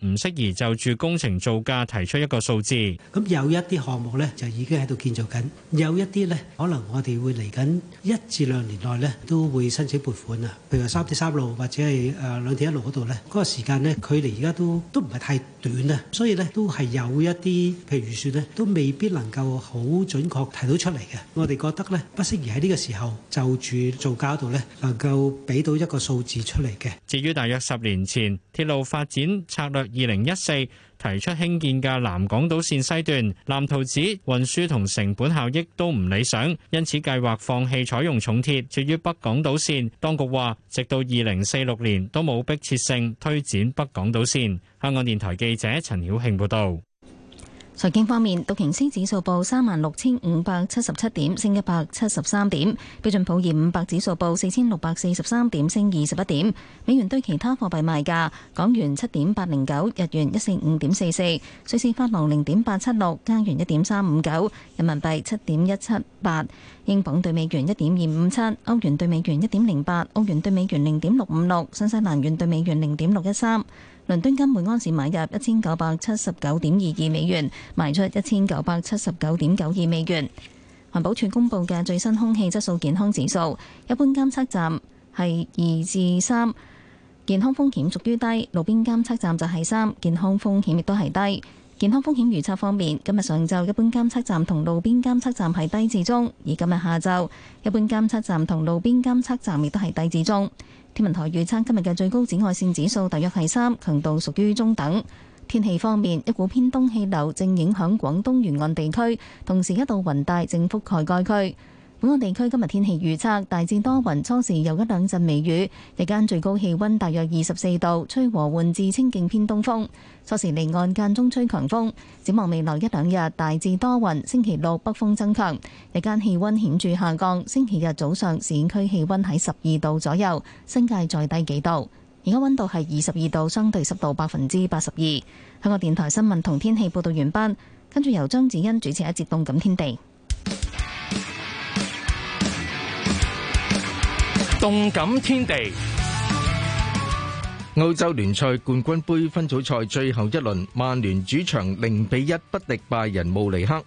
唔適宜就住工程造價提出一個數字。咁有一啲項目咧就已經喺度建造緊，有一啲咧可能我哋會嚟緊一至兩年內咧都會申請撥款啊。譬如三鐵三路或者係誒兩鐵一路嗰度咧，嗰個時間咧距離而家都都唔係太短啊，所以咧都係有一啲譬如預算咧都未必能夠好準確提到出嚟嘅。我哋覺得咧不適宜喺呢個時候就住造價嗰度咧能夠俾到一個數字出嚟嘅。至於大約十年前鐵路發展策略。約二零一四提出，興建嘅南港島綫西段藍圖指運輸同成本效益都唔理想，因此計劃放棄採用重鐵。至於北港島綫，當局話直到二零四六年都冇迫切性推展北港島綫。香港電台記者陳曉慶報道。財經方面，道瓊斯指數報三萬六千五百七十七點，升一百七十三點；標準普爾五百指數報四千六百四十三點，升二十一點。美元對其他貨幣賣價，港元七點八零九，日元一四五點四四，瑞士法郎零點八七六，加元一點三五九，人民幣七點一七八，英鎊對美元一點二五七，歐元對美元一點零八，澳元對美元零點六五六，新西蘭元對美元零點六一三。倫敦金每安士買入一千九百七十九點二二美元，賣出一千九百七十九點九二美元。環保署公布嘅最新空氣質素健康指數，一般監測站係二至三，健康風險屬於低；路邊監測站就係三，健康風險亦都係低。健康風險預測方面，今日上晝一般監測站同路邊監測站係低至中，而今日下晝一般監測站同路邊監測站亦都係低至中。天文台預測今日嘅最高紫外線指數大約係三，強度屬於中等。天氣方面，一股偏東氣流正影響廣東沿岸地區，同時一道雲帶正覆蓋該區。本港地區今日天，天氣預測：大致多雲，初時有一兩陣微雨，日間最高氣温大約二十四度，吹和緩至清勁偏東風。初時離岸間中吹強風。展望未來一兩日，大致多雲。星期六北風增強，日間氣温顯著下降。星期日早上，市區氣温喺十二度左右，新界再低幾度。而家温度係二十二度，相對濕度百分之八十二。香港電台新聞同天氣報導完畢，跟住由張子欣主持一節《動感天地》。動感天地，歐洲聯賽冠軍盃分組賽最後一輪，曼聯主場零比一不敵拜仁慕尼黑，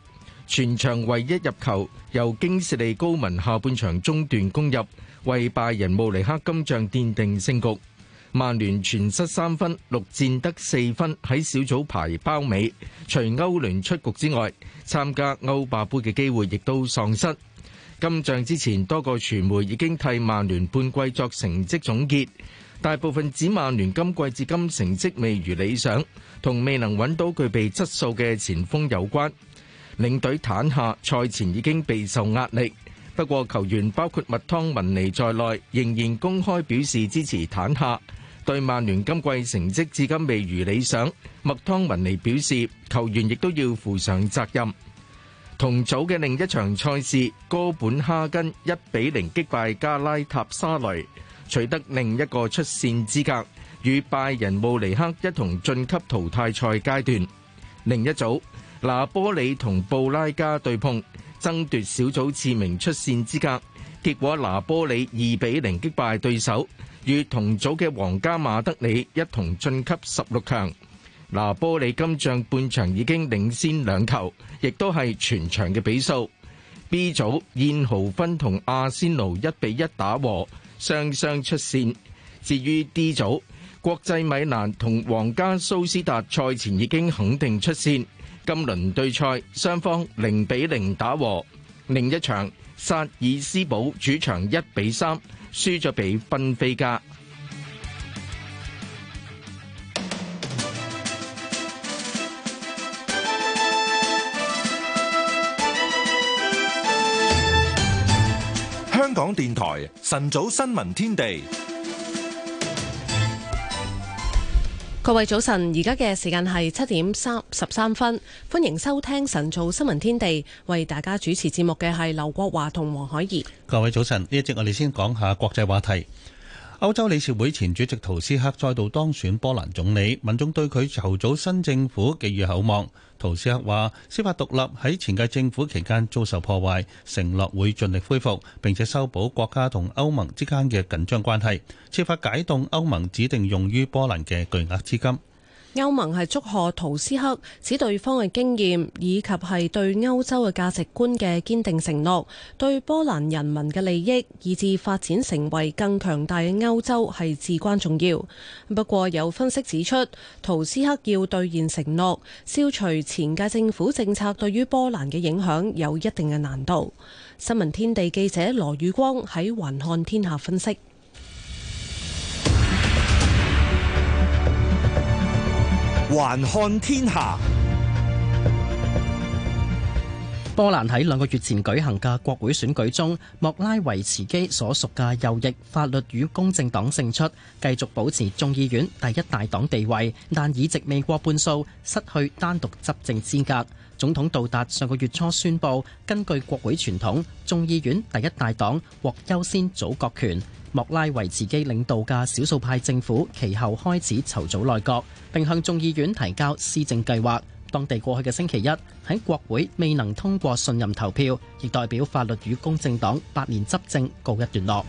全場唯一入球由京士利高文下半場中段攻入，為拜仁慕尼黑今仗奠定勝局。曼聯全失三分，六戰得四分，喺小組排包尾。除歐聯出局之外，參加歐霸盃嘅機會亦都喪失。今仗之前，多個傳媒已經替曼聯半季作成績總結，大部分指曼聯今季至今成績未如理想，同未能揾到具備質素嘅前鋒有關。領隊坦夏，賽前已經備受壓力，不過球員包括麥湯文尼在內，仍然公開表示支持坦夏。對曼聯今季成績至今未如理想，麥湯文尼表示，球員亦都要負上責任。同組嘅另一場賽事，哥本哈根一比零擊敗加拉塔沙雷，取得另一個出線資格，與拜仁慕尼黑一同晉級淘汰賽階段。另一組，拿波里同布拉加對碰，爭奪小組次名出線資格，結果拿波里二比零擊敗對手，與同組嘅皇家馬德里一同晉級十六強。嗱，波里金像半場已經領先兩球，亦都係全場嘅比數。B 組，燕豪芬同阿仙奴一比一打和，雙雙出線。至於 D 組，國際米蘭同皇家蘇斯達賽前已經肯定出線。今輪對賽，雙方零比零打和。另一場，薩爾斯堡主場一比三輸咗俾賓菲加。港電台晨早新聞天地，各位早晨，而家嘅時間係七點三十三分，歡迎收聽晨早新聞天地，為大家主持節目嘅係劉國華同黃海怡。各位早晨，呢一節我哋先講下國際話題。歐洲理事會前主席圖斯克再度當選波蘭總理，民眾對佢籌組新政府寄予厚望。圖斯克話：司法獨立喺前屆政府期間遭受破壞，承諾會盡力恢復，並且修補國家同歐盟之間嘅緊張關係，設法解凍歐盟指定用於波蘭嘅巨額資金。歐盟係祝賀圖斯克，指對方嘅經驗以及係對歐洲嘅價值觀嘅堅定承諾，對波蘭人民嘅利益，以至發展成為更強大嘅歐洲係至關重要。不過有分析指出，圖斯克要兌現承諾，消除前屆政府政策對於波蘭嘅影響，有一定嘅難度。新聞天地記者羅宇光喺環看天下分析。橫看天下，波蘭喺兩個月前舉行嘅國會選舉中，莫拉維茨基所屬嘅右翼法律與公正黨勝出，繼續保持眾議院第一大黨地位，但議席未過半數，失去單獨執政資格。總統到達上個月初宣佈，根據國會傳統，眾議院第一大黨獲優先組閣權。莫拉維茨基領導嘅少數派政府其後開始籌組內閣，並向眾議院提交施政計劃。當地過去嘅星期一喺國會未能通過信任投票，亦代表法律與公正黨八年執政告一段落。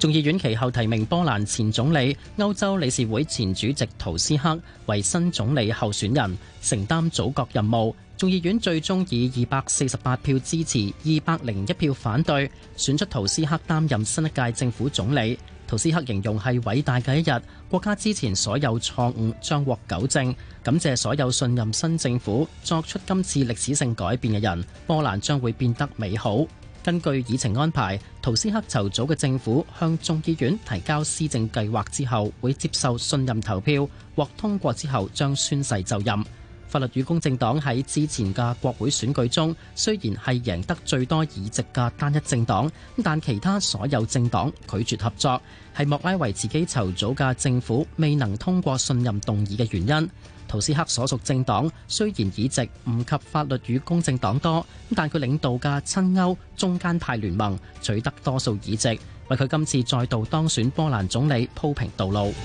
眾議院其後提名波蘭前總理、歐洲理事會前主席圖斯克為新總理候選人，承擔組閣任務。眾議院最終以二百四十八票支持、二百零一票反對，選出圖斯克擔任新一屆政府總理。圖斯克形容係偉大嘅一日，國家之前所有錯誤將獲糾正，感謝所有信任新政府、作出今次歷史性改變嘅人，波蘭將會變得美好。根據議程安排，圖斯克籌組嘅政府向眾議院提交施政計劃之後，會接受信任投票獲通過之後，將宣誓就任。法律與公正黨喺之前嘅國會選舉中，雖然係贏得最多議席嘅單一政黨，但其他所有政黨拒絕合作，係莫拉維自己籌組嘅政府未能通過信任動議嘅原因。圖斯克所屬政黨雖然議席唔及法律與公正黨多，但佢領導嘅親歐中間派聯盟取得多數議席，為佢今次再度當選波蘭總理鋪平道路。 [MUSIC]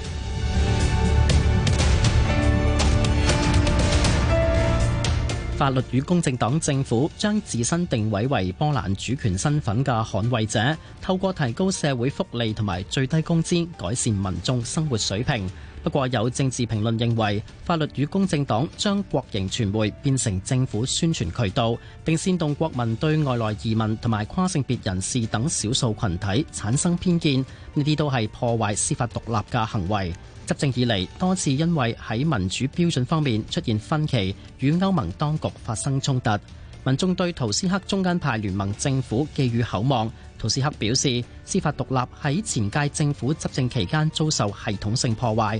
法律與公正黨政府將自身定位為波蘭主權身份嘅捍衛者，透過提高社會福利同埋最低工資，改善民眾生活水平。不過有政治評論認為，法律與公正黨將國營傳媒變成政府宣傳渠道，並煽動國民對外來移民同埋跨性別人士等少數群體產生偏見，呢啲都係破壞司法獨立嘅行為。執政以嚟多次因為喺民主標準方面出現分歧，與歐盟當局發生衝突。民眾對圖斯克中間派聯盟政府寄予厚望。圖斯克表示，司法獨立喺前屆政府執政期間遭受系統性破壞。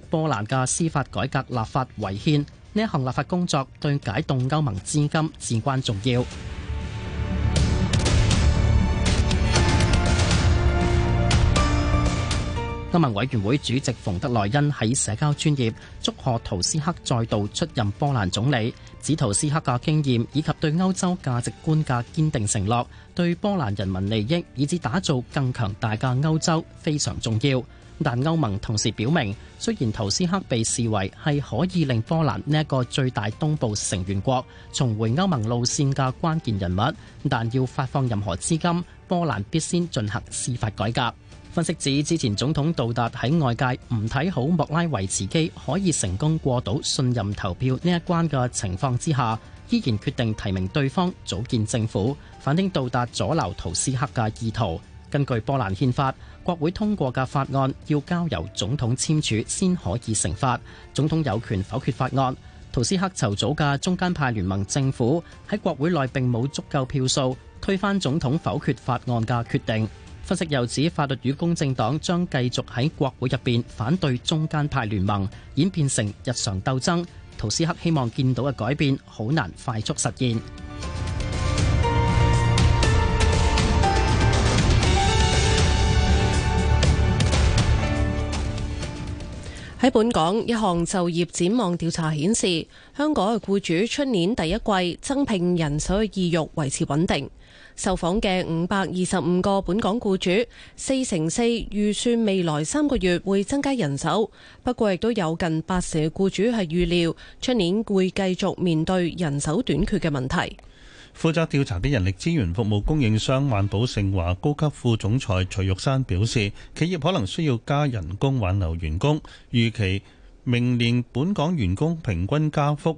波蘭嘅司法改革立法違憲，呢一項立法工作對解凍歐盟資金至關重要。歐盟 [MUSIC] 委員會主席馮德萊恩喺社交專業祝賀圖斯克再度出任波蘭總理，指圖斯克嘅經驗以及對歐洲價值觀嘅堅定承諾，對波蘭人民利益以至打造更強大嘅歐洲非常重要。但歐盟同時表明，雖然圖斯克被視為係可以令波蘭呢一個最大東部成員國重回歐盟路線嘅關鍵人物，但要發放任何資金，波蘭必先進行司法改革。分析指，之前總統到達喺外界唔睇好莫拉維茨基可以成功過到信任投票呢一關嘅情況之下，依然決定提名對方組建政府，反映到達阻撓圖斯克嘅意圖。根據波蘭憲法，國會通過嘅法案要交由總統簽署先可以成法，總統有權否決法案。圖斯克籌組嘅中間派聯盟政府喺國會內並冇足夠票數推翻總統否決法案嘅決定。分析又指，法律與公正黨將繼續喺國會入邊反對中間派聯盟，演變成日常鬥爭。圖斯克希望見到嘅改變好難快速實現。喺本港，一項就業展望調查顯示，香港嘅雇主出年第一季增聘人手嘅意欲維持穩定。受訪嘅五百二十五個本港雇主，四成四預算未來三個月會增加人手，不過亦都有近八成嘅雇主係預料出年會繼續面對人手短缺嘅問題。負責調查的人力資源服務供應商萬寶盛華高級副總裁徐玉山表示，企業可能需要加人工挽留員工，預期明年本港員工平均加幅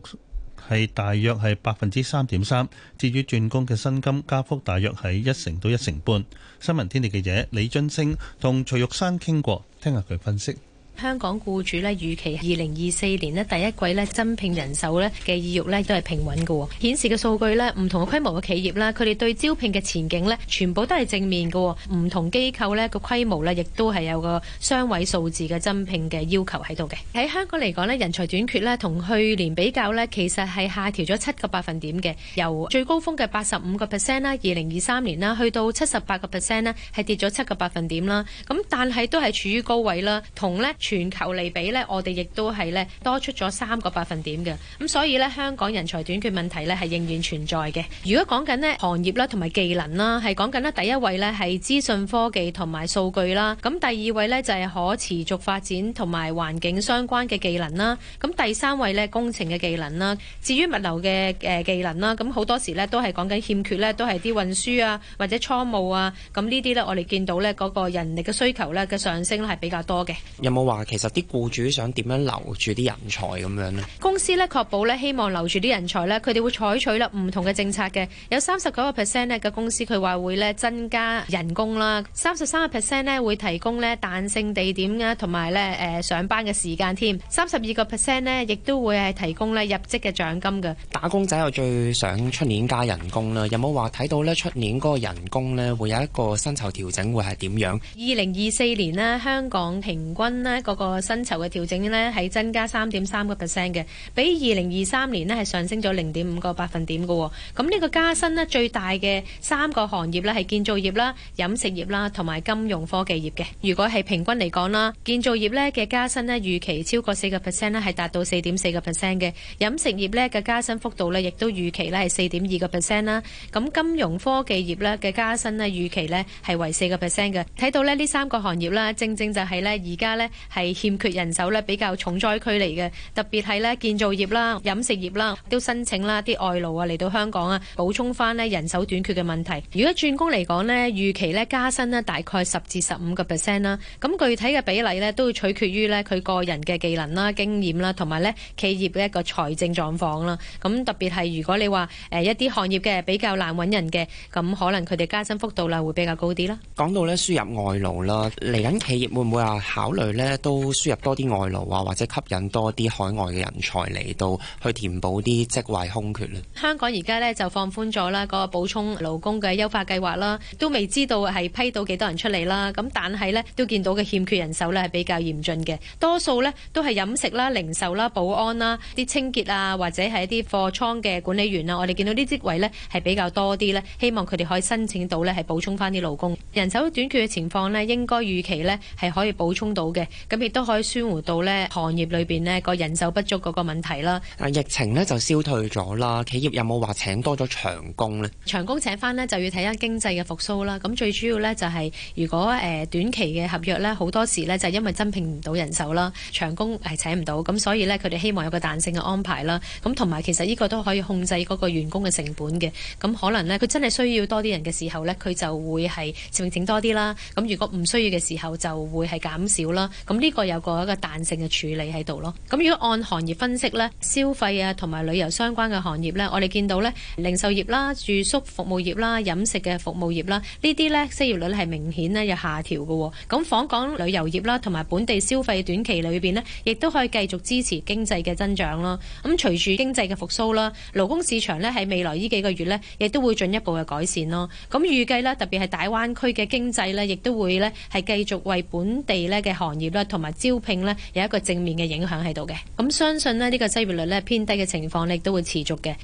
係大約係百分之三點三，至於轉工嘅薪金加幅大約係一成到一成半。新聞天地記者李俊升同徐玉山傾過，聽下佢分析。香港雇主呢預期二零二四年呢第一季呢增聘人手呢嘅意欲呢都係平穩㗎喎，顯示嘅數據呢，唔同嘅規模嘅企業啦，佢哋對招聘嘅前景呢，全部都係正面㗎喎，唔同機構呢個規模呢，亦都係有個雙位數字嘅增聘嘅要求喺度嘅。喺香港嚟講呢，人才短缺呢同去年比較呢，其實係下調咗七個百分點嘅，由最高峰嘅八十五個 percent 啦，二零二三年啦，去到七十八個 percent 呢，係跌咗七個百分點啦。咁但係都係處於高位啦，同呢。全球嚟比呢，我哋亦都係呢多出咗三個百分點嘅。咁所以呢，香港人才短缺問題呢係仍然存在嘅。如果講緊呢行業啦，同埋技能啦，係講緊呢第一位呢係資訊科技同埋數據啦。咁第二位呢就係可持續發展同埋環境相關嘅技能啦。咁第三位呢工程嘅技能啦。至於物流嘅誒技能啦，咁好多時呢都係講緊欠缺呢，都係啲運輸啊或者倉務啊。咁呢啲呢我哋見到呢嗰個人力嘅需求呢嘅上升呢係比較多嘅。有冇話？話其實啲僱主想點樣留住啲人才咁樣呢？公司咧確保咧，希望留住啲人才咧，佢哋會採取啦唔同嘅政策嘅。有三十九個 percent 咧嘅公司，佢話會咧增加人工啦。三十三個 percent 咧會提供咧彈性地點啊，同埋咧誒上班嘅時間添。三十二個 percent 咧亦都會係提供咧入職嘅獎金嘅。打工仔又最想出年加人工啦。有冇話睇到咧出年嗰個人工咧會有一個薪酬調整會係點樣？二零二四年呢，香港平均咧。個個薪酬嘅調整咧，係增加三點三個 percent 嘅，比二零二三年呢係上升咗零點五個百分點嘅。咁呢個加薪呢，最大嘅三個行業咧係建造業啦、飲食業啦同埋金融科技業嘅。如果係平均嚟講啦，建造業咧嘅加薪呢預期超過四個 percent 咧，係達到四點四個 percent 嘅。飲食業咧嘅加薪幅度呢亦都預期咧係四點二個 percent 啦。咁金融科技業咧嘅加薪呢預期咧係為四個 percent 嘅。睇到咧呢三個行業啦，正正就係咧而家咧。係欠缺人手咧，比較重災區嚟嘅，特別係咧建造業啦、飲食業啦，都申請啦啲外勞啊嚟到香港啊，補充翻咧人手短缺嘅問題。如果轉工嚟講呢，預期咧加薪呢大概十至十五個 percent 啦。咁具體嘅比例呢，都要取決於呢佢個人嘅技能啦、經驗啦，同埋呢企業嘅一個財政狀況啦。咁特別係如果你話誒一啲行業嘅比較難揾人嘅，咁可能佢哋加薪幅度啦會比較高啲啦。講到咧輸入外勞啦，嚟緊企業會唔會話考慮呢？都輸入多啲外勞啊，或者吸引多啲海外嘅人才嚟到去填補啲職位空缺咧。香港而家咧就放寬咗啦，個補充勞工嘅優化計劃啦，都未知道係批到幾多人出嚟啦。咁但係呢，都見到嘅欠缺人手呢係比較嚴峻嘅，多數呢，都係飲食啦、零售啦、保安啦、啲清潔啊，或者係一啲貨倉嘅管理員啊。我哋見到啲職位呢係比較多啲呢，希望佢哋可以申請到呢係補充返啲勞工。人手短缺嘅情況呢，應該預期呢係可以補充到嘅。咁亦都可以宣護到咧，行業裏邊呢個人手不足嗰個問題啦。啊，疫情呢就消退咗啦，企業有冇話請多咗長工呢？長工請翻呢，就要睇下經濟嘅復甦啦。咁最主要呢、就是，就係如果誒短期嘅合約呢，好多時呢，就因為增聘唔到人手啦，長工係請唔到，咁所以呢，佢哋希望有個彈性嘅安排啦。咁同埋其實呢個都可以控制嗰個員工嘅成本嘅。咁可能呢，佢真係需要多啲人嘅時候呢，佢就會係請多啲啦。咁如果唔需要嘅時候就會係減少啦。咁呢個有個一個彈性嘅處理喺度咯。咁如果按行業分析咧，消費啊同埋旅遊相關嘅行業咧，我哋見到咧，零售業啦、住宿服務業啦、飲食嘅服務業啦，呢啲呢，失業率咧係明顯咧有下調嘅。咁訪港旅遊業啦，同埋本地消費短期裏邊呢，亦都可以繼續支持經濟嘅增長咯。咁隨住經濟嘅復甦啦，勞工市場呢，喺未來呢幾個月呢，亦都會進一步嘅改善咯。咁預計呢，特別係大灣區嘅經濟呢，亦都會呢，係繼續為本地呢嘅行業啦。同埋招聘呢，有一個正面嘅影響喺度嘅，咁、嗯、相信咧呢、呢個失業率呢，偏低嘅情況呢都會持續嘅。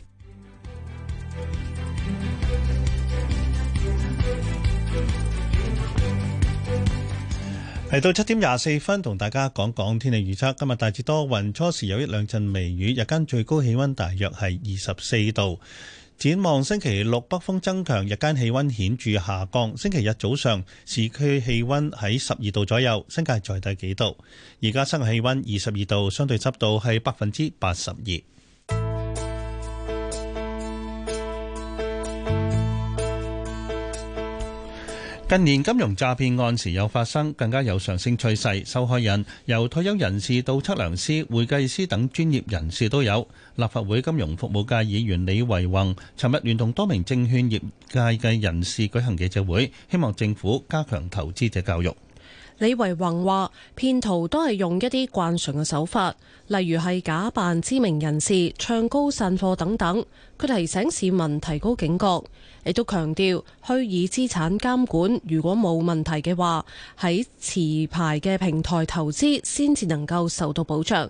嚟到七點廿四分，同大家講講天氣預測。今日大致多雲，初時有一兩陣微雨，日間最高氣溫大約係二十四度。展望星期六北風增強，日間氣溫顯著下降。星期日早上，市區氣溫喺十二度左右，新界再低幾度。而家室外氣溫二十二度，相對濕度係百分之八十二。近年金融詐騙案時有發生，更加有上升趨勢。受害人由退休人士到測量師、會計師等專業人士都有。立法會金融服務界議員李維宏尋日聯同多名證券業界嘅人士舉行記者會，希望政府加強投資者教育。李維宏話，騙徒都係用一啲慣常嘅手法，例如係假扮知名人士、唱高散貨等等。佢提醒市民提高警覺。亦都強調，虛擬資產監管如果冇問題嘅話，喺持牌嘅平台投資先至能夠受到保障。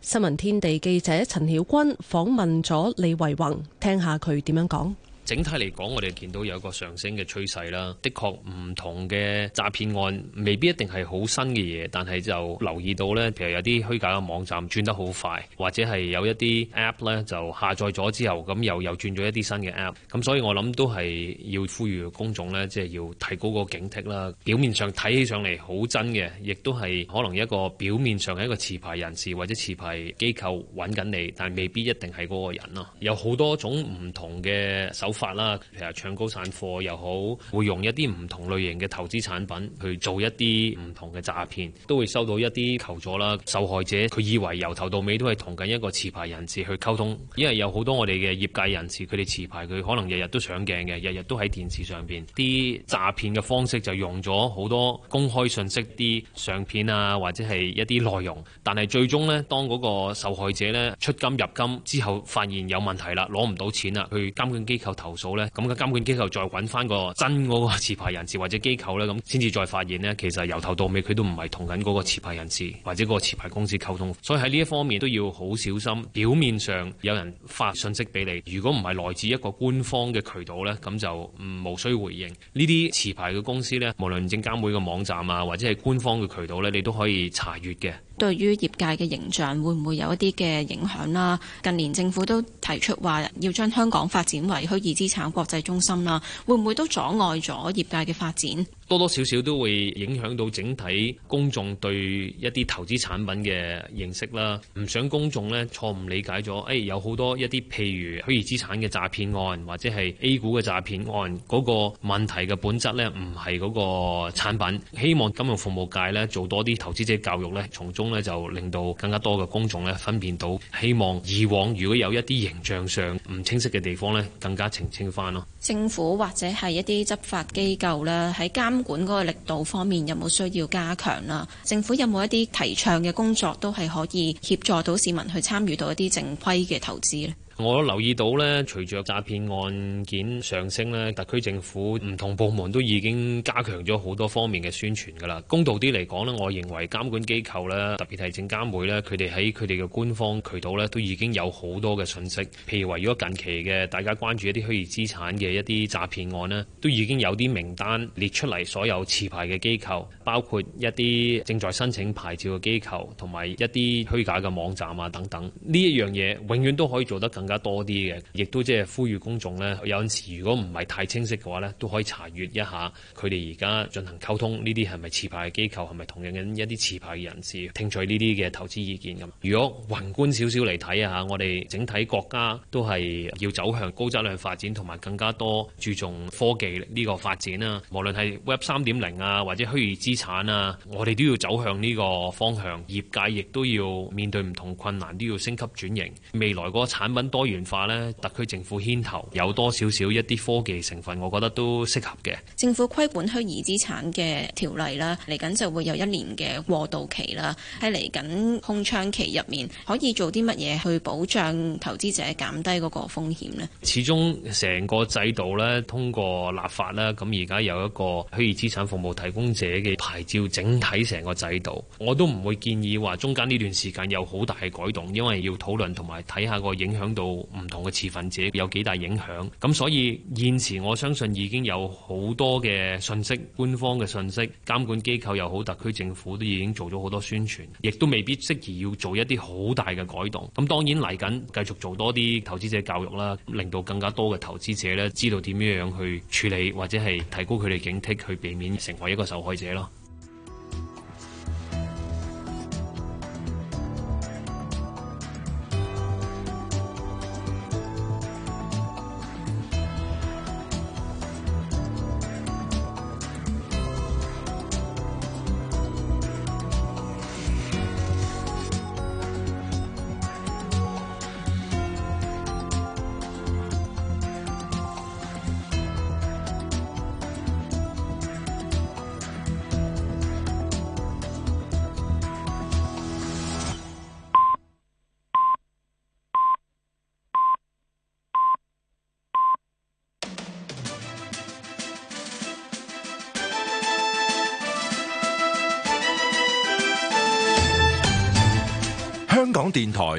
新聞天地記者陳曉君訪問咗李維宏，聽下佢點樣講。整體嚟講，我哋見到有一個上升嘅趨勢啦。的確唔同嘅詐騙案未必一定係好新嘅嘢，但係就留意到咧，譬如有啲虛假嘅網站轉得好快，或者係有一啲 App 咧就下載咗之後，咁又又轉咗一啲新嘅 App。咁所以我諗都係要呼籲公眾咧，即係要提高個警惕啦。表面上睇起上嚟好真嘅，亦都係可能一個表面上係一個持牌人士或者持牌機構揾緊你，但未必一定係嗰個人咯。有好多種唔同嘅手法。法啦，譬如搶高散貨又好，會用一啲唔同類型嘅投資產品去做一啲唔同嘅詐騙，都會收到一啲求助啦。受害者佢以為由頭到尾都係同緊一個持牌人士去溝通，因為有好多我哋嘅業界人士，佢哋持牌，佢可能日日都上鏡嘅，日日都喺電視上邊。啲詐騙嘅方式就用咗好多公開信息、啲相片啊，或者係一啲內容，但係最終呢，當嗰個受害者呢出金入金之後，發現有問題啦，攞唔到錢啦，去監管機構投。投訴咧，咁個監管機構再搵翻個真嗰個持牌人士或者機構呢，咁先至再發現呢，其實由頭到尾佢都唔係同緊嗰個持牌人士或者嗰個持牌公司溝通，所以喺呢一方面都要好小心。表面上有人發信息俾你，如果唔係來自一個官方嘅渠道呢，咁就無需回應。呢啲持牌嘅公司呢，無論證監會嘅網站啊，或者係官方嘅渠道呢，你都可以查閱嘅。對於業界嘅形象會唔會有一啲嘅影響啦？近年政府都提出話要將香港發展為虛擬資產國際中心啦，會唔會都阻礙咗業界嘅發展？多多少少都會影響到整體公眾對一啲投資產品嘅認識啦。唔想公眾呢錯誤理解咗，誒、哎、有好多一啲譬如虛擬資產嘅詐騙案，或者係 A 股嘅詐騙案嗰個問題嘅本質呢，唔係嗰個產品。希望金融服務界呢，做多啲投資者教育呢，從中，咧就令到更加多嘅公眾咧分辨到，希望以往如果有一啲形象上唔清晰嘅地方咧，更加澄清翻咯。政府或者係一啲執法機構咧，喺監管嗰個力度方面有冇需要加強啦？政府有冇一啲提倡嘅工作都係可以協助到市民去參與到一啲正規嘅投資呢？我留意到咧，隨住個詐騙案件上升咧，特區政府唔同部門都已經加強咗好多方面嘅宣傳㗎啦。公道啲嚟講呢，我認為監管機構咧，特別係證監會咧，佢哋喺佢哋嘅官方渠道咧，都已經有好多嘅信息。譬如話，如果近期嘅大家關注一啲虛擬資產嘅一啲詐騙案呢，都已經有啲名單列出嚟，所有持牌嘅機構，包括一啲正在申請牌照嘅機構，同埋一啲虛假嘅網站啊等等。呢一樣嘢永遠都可以做得更。而家多啲嘅，亦都即係呼籲公眾咧。有陣時如果唔係太清晰嘅話咧，都可以查閱一下佢哋而家進行溝通呢啲係咪持牌機構，係咪同樣緊一啲持牌人士聽取呢啲嘅投資意見咁。如果宏觀少少嚟睇一下，我哋整體國家都係要走向高質量發展，同埋更加多注重科技呢個發展啊，無論係 Web 三點零啊，或者虛擬資產啊，我哋都要走向呢個方向。業界亦都要面對唔同困難，都要升級轉型。未來嗰個產品。多元化咧，特區政府牽頭有多少少一啲科技成分，我覺得都適合嘅。政府規管虛擬資產嘅條例啦，嚟緊就會有一年嘅過渡期啦，喺嚟緊空窗期入面，可以做啲乜嘢去保障投資者減低嗰個風險咧？始終成個制度咧，通過立法啦，咁而家有一個虛擬資產服務提供者嘅牌照，整體成個制度，我都唔會建議話中間呢段時間有好大嘅改動，因為要討論同埋睇下個影響。做唔同嘅持份者有幾大影響，咁所以現時我相信已經有好多嘅信息、官方嘅信息，監管機構又好，特區政府都已經做咗好多宣傳，亦都未必適宜要做一啲好大嘅改動。咁當然嚟緊繼續做多啲投資者教育啦，令到更加多嘅投資者咧知道點樣樣去處理，或者係提高佢哋警惕，去避免成為一個受害者咯。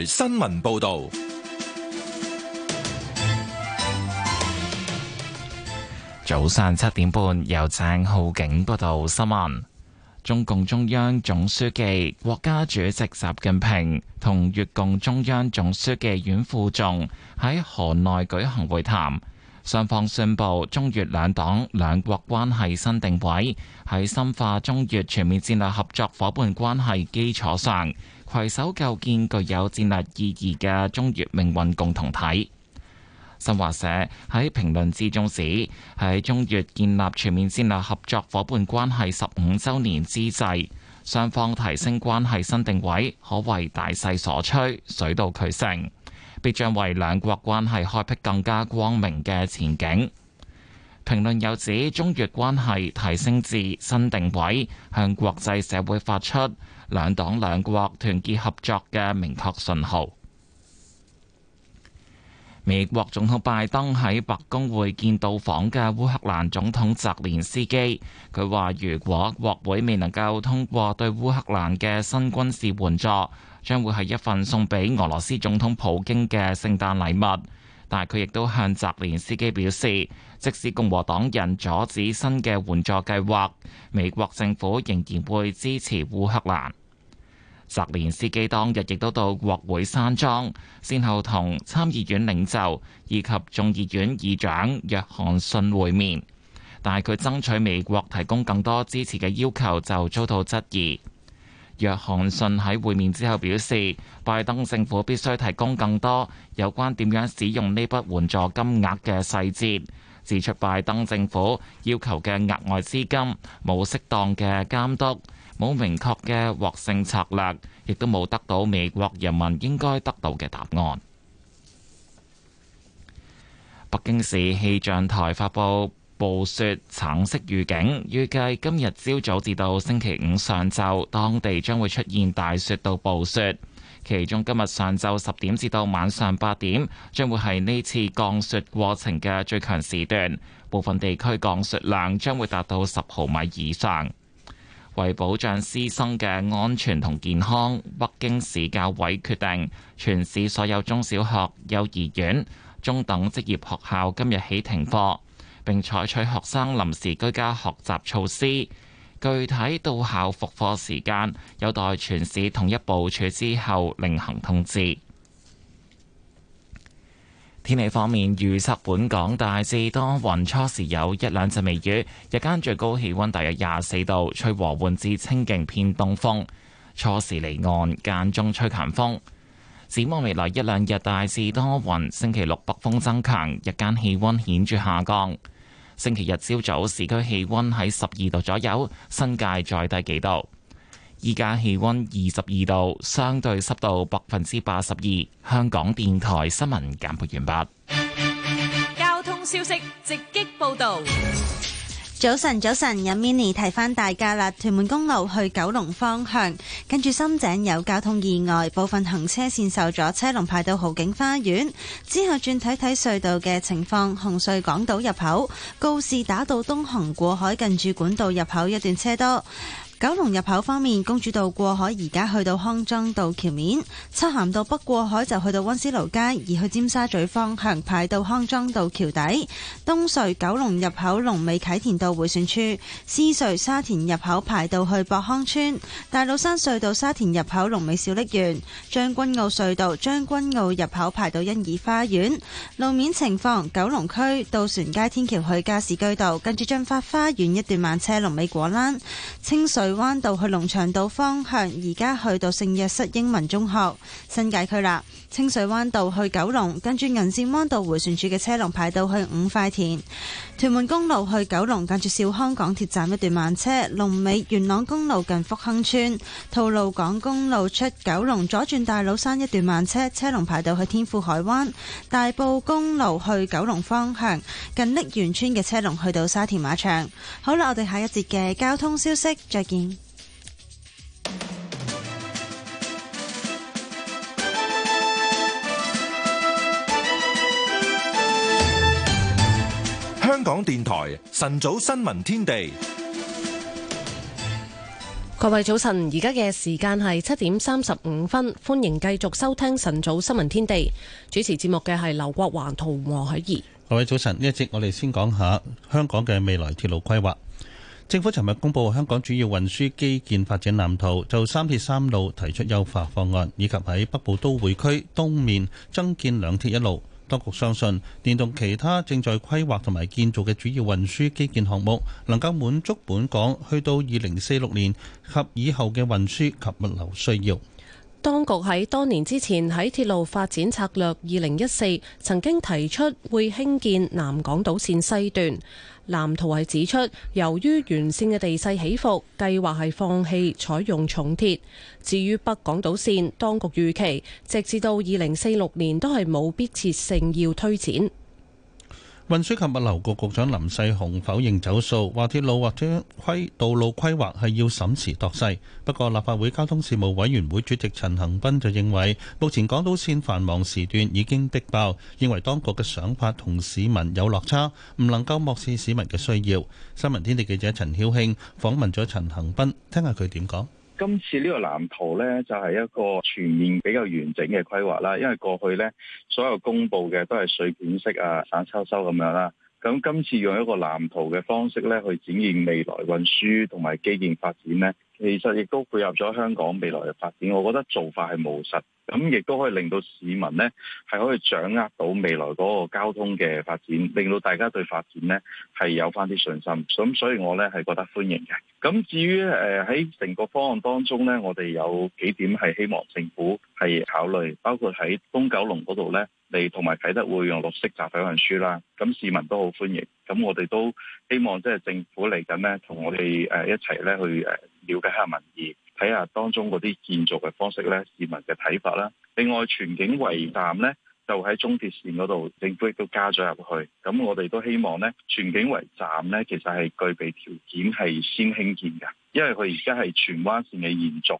新聞報道。早上七點半，由鄭浩景報道新聞。中共中央總書記、國家主席習近平同越共中央總書記阮富仲喺河內舉行會談，雙方宣布中越兩黨兩國關係新定位，喺深化中越全面戰略合作伙伴關係基礎上。携手構建具有戰略意義嘅中越命運共同體。新華社喺評論之中指，喺中越建立全面戰略合作伙伴關係十五周年之際，雙方提升關係新定位，可謂大勢所趨，水到渠成，必將為兩國關係開辟更加光明嘅前景。評論又指，中越關係提升至新定位，向國際社會發出。兩黨兩國團結合作嘅明確信號。美國總統拜登喺白宮會見到訪嘅烏克蘭總統澤連斯基，佢話：如果國會未能夠通過對烏克蘭嘅新軍事援助，將會係一份送俾俄羅斯總統普京嘅聖誕禮物。但係佢亦都向澤連斯基表示，即使共和黨人阻止新嘅援助計劃，美國政府仍然會支持烏克蘭。澤連斯基當日亦都到國會山莊，先後同參議院領袖以及眾議院議長約翰遜會面，但係佢爭取美國提供更多支持嘅要求就遭到質疑。約翰遜喺會面之後表示，拜登政府必須提供更多有關點樣使用呢筆援助金額嘅細節，指出拜登政府要求嘅額外資金冇適當嘅監督。冇明確嘅獲勝策略，亦都冇得到美國人民應該得到嘅答案。北京市氣象台發布暴雪橙色預警，預計今日朝早至到星期五上晝，當地將會出現大雪到暴雪。其中今日上晝十點至到晚上八點，將會係呢次降雪過程嘅最強時段，部分地區降雪量將會達到十毫米以上。為保障師生嘅安全同健康，北京市教委決定，全市所有中小學、幼兒園、中等職業學校今日起停課，並採取學生臨時居家學習措施。具體到校復課時間，有待全市統一部署之後另行通知。天氣方面，預測本港大致多雲，初時有一兩陣微雨，日間最高氣溫大約廿四度，吹和緩至清勁偏東風，初時離岸間中吹強風。展望未來一兩日大致多雲，星期六北風增強，日間氣溫顯著下降。星期日朝早市區氣溫喺十二度左右，新界再低幾度。依家氣溫二十二度，相對濕度百分之八十二。香港電台新聞簡報完畢。交通消息直擊報道。早晨，早晨，有 mini 提翻大家啦。屯門公路去九龍方向，跟住深井有交通意外，部分行車線受阻，車龍排到豪景花園。之後轉睇睇隧道嘅情況，紅隧港島入口、告士打道東行過海近住管道入口一段車多。九龍入口方面，公主道過海而家去到康莊道橋面；漆咸道北過海就去到溫思勞街，而去尖沙咀方向排到康莊道橋底。東隧九龍入口龍尾啟田道回旋處；獅隧沙田入口排到去博康村。大老山隧道沙田入口龍尾小瀝源；將軍澳隧道將軍澳入口排到欣怡花園。路面情況，九龍區渡船街天橋去加士居道，跟住駿發花園一段慢車龍尾果欄；清水。灣道去龍翔道方向，而家去到聖約瑟英文中學，新界區啦。清水灣道去九龍，跟住銀線灣道回旋處嘅車龍排到去五塊田；屯門公路去九龍，近住兆康港鐵站一段慢車；龍尾元朗公路近福亨村；吐露港公路出九龍，左轉大老山一段慢車，車龍排到去天富海灣；大埔公路去九龍方向，近瀝源村嘅車龍去到沙田馬場。好啦，我哋下一節嘅交通消息，再見。電台晨早新聞天地，各位早晨，而家嘅時間係七點三十五分，歡迎繼續收聽晨早新聞天地。主持節目嘅係劉國華同和凱儀。各位早晨，呢一節我哋先講下香港嘅未來鐵路規劃。政府尋日公布香港主要運輸基建發展藍圖，就三鐵三路提出優化方案，以及喺北部都會區東面增建兩鐵一路。當局相信，連同其他正在規劃同埋建造嘅主要運輸基建項目，能夠滿足本港去到二零四六年及以後嘅運輸及物流需要。當局喺多年之前喺鐵路發展策略二零一四曾經提出會興建南港島線西段，藍圖係指出由於沿線嘅地勢起伏，計劃係放棄採用重鐵。至於北港島線，當局預期直至到二零四六年都係冇迫切性要推展。運輸及物流局局長林世雄否認走數，話鐵路或者道路規劃係要審時度勢。不過，立法會交通事務委員會主席陳恒鑌就認為，目前港島綫繁忙時段已經逼爆，認為當局嘅想法同市民有落差，唔能夠漠視市民嘅需要。新聞天地記者陳曉慶訪問咗陳恒鑌，聽下佢點講。今次呢個藍圖呢，就係、是、一個全面比較完整嘅規劃啦。因為過去呢，所有公佈嘅都係碎片式啊、散收收咁樣啦。咁今次用一個藍圖嘅方式呢，去展現未來運輸同埋基建發展呢，其實亦都配合咗香港未來嘅發展。我覺得做法係務實。咁亦都可以令到市民呢，係可以掌握到未來嗰個交通嘅發展，令到大家對發展呢，係有翻啲信心。咁所以，所以我呢，係覺得歡迎嘅。咁至於誒喺成個方案當中呢，我哋有幾點係希望政府係考慮，包括喺東九龍嗰度呢，你同埋啟德會用綠色集體運輸啦。咁市民都好歡迎。咁我哋都希望即係政府嚟緊呢，同我哋誒一齊呢，去誒了解下民意。睇下當中嗰啲建造嘅方式咧，市民嘅睇法啦。另外，荃景圍站咧就喺中鐵線嗰度，政府亦都加咗入去。咁我哋都希望咧，荃景圍站咧其實係具備條件係先興建㗎，因為佢而家係荃灣線嘅延續。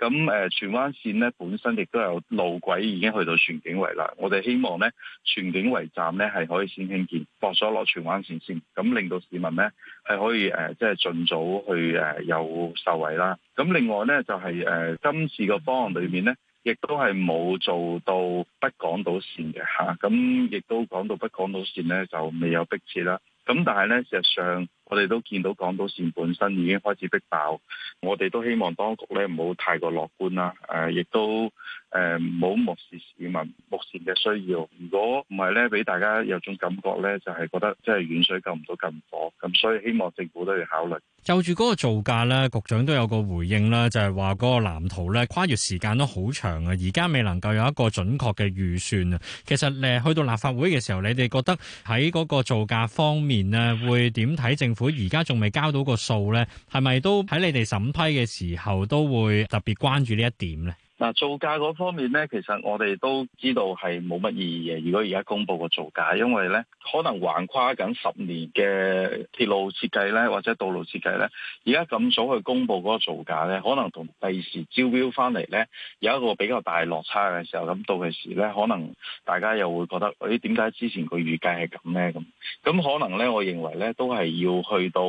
咁誒荃灣線咧本身亦都有路軌已經去到荃景圍啦，我哋希望咧荃景圍站咧係可以先興建，駁咗落荃灣線先，咁令到市民咧係可以誒、呃、即係盡早去誒、呃、有受惠啦。咁另外咧就係、是、誒、呃、今次個方案裏面咧，亦都係冇做到北港島線嘅嚇，咁亦都講到北港島線咧就未有逼切啦。咁但係咧事實上，我哋都見到港島線本身已經開始逼爆，我哋都希望當局咧唔好太過樂觀啦，誒、呃、亦都誒唔好漠視市民目前嘅需要。如果唔係咧，俾大家有種感覺咧，就係、是、覺得即係遠水救唔到近火，咁所以希望政府都要考慮，就住嗰個造價咧，局長都有個回應啦，就係話嗰個藍圖咧跨越時間都好長啊，而家未能夠有一個準確嘅預算啊。其實誒去到立法會嘅時候，你哋覺得喺嗰個造價方面咧，會點睇政府？佢而家仲未交到個數咧，係咪都喺你哋審批嘅時候都會特別關注呢一點咧？嗱，造價嗰方面咧，其實我哋都知道係冇乜意義嘅。如果而家公布個造價，因為咧可能橫跨緊十年嘅鐵路設計咧，或者道路設計咧，而家咁早去公布嗰個造價咧，可能同第時招標翻嚟咧有一個比較大落差嘅時候，咁到時咧可能大家又會覺得，咦點解之前佢預計係咁咧？咁咁可能咧，我認為咧都係要去到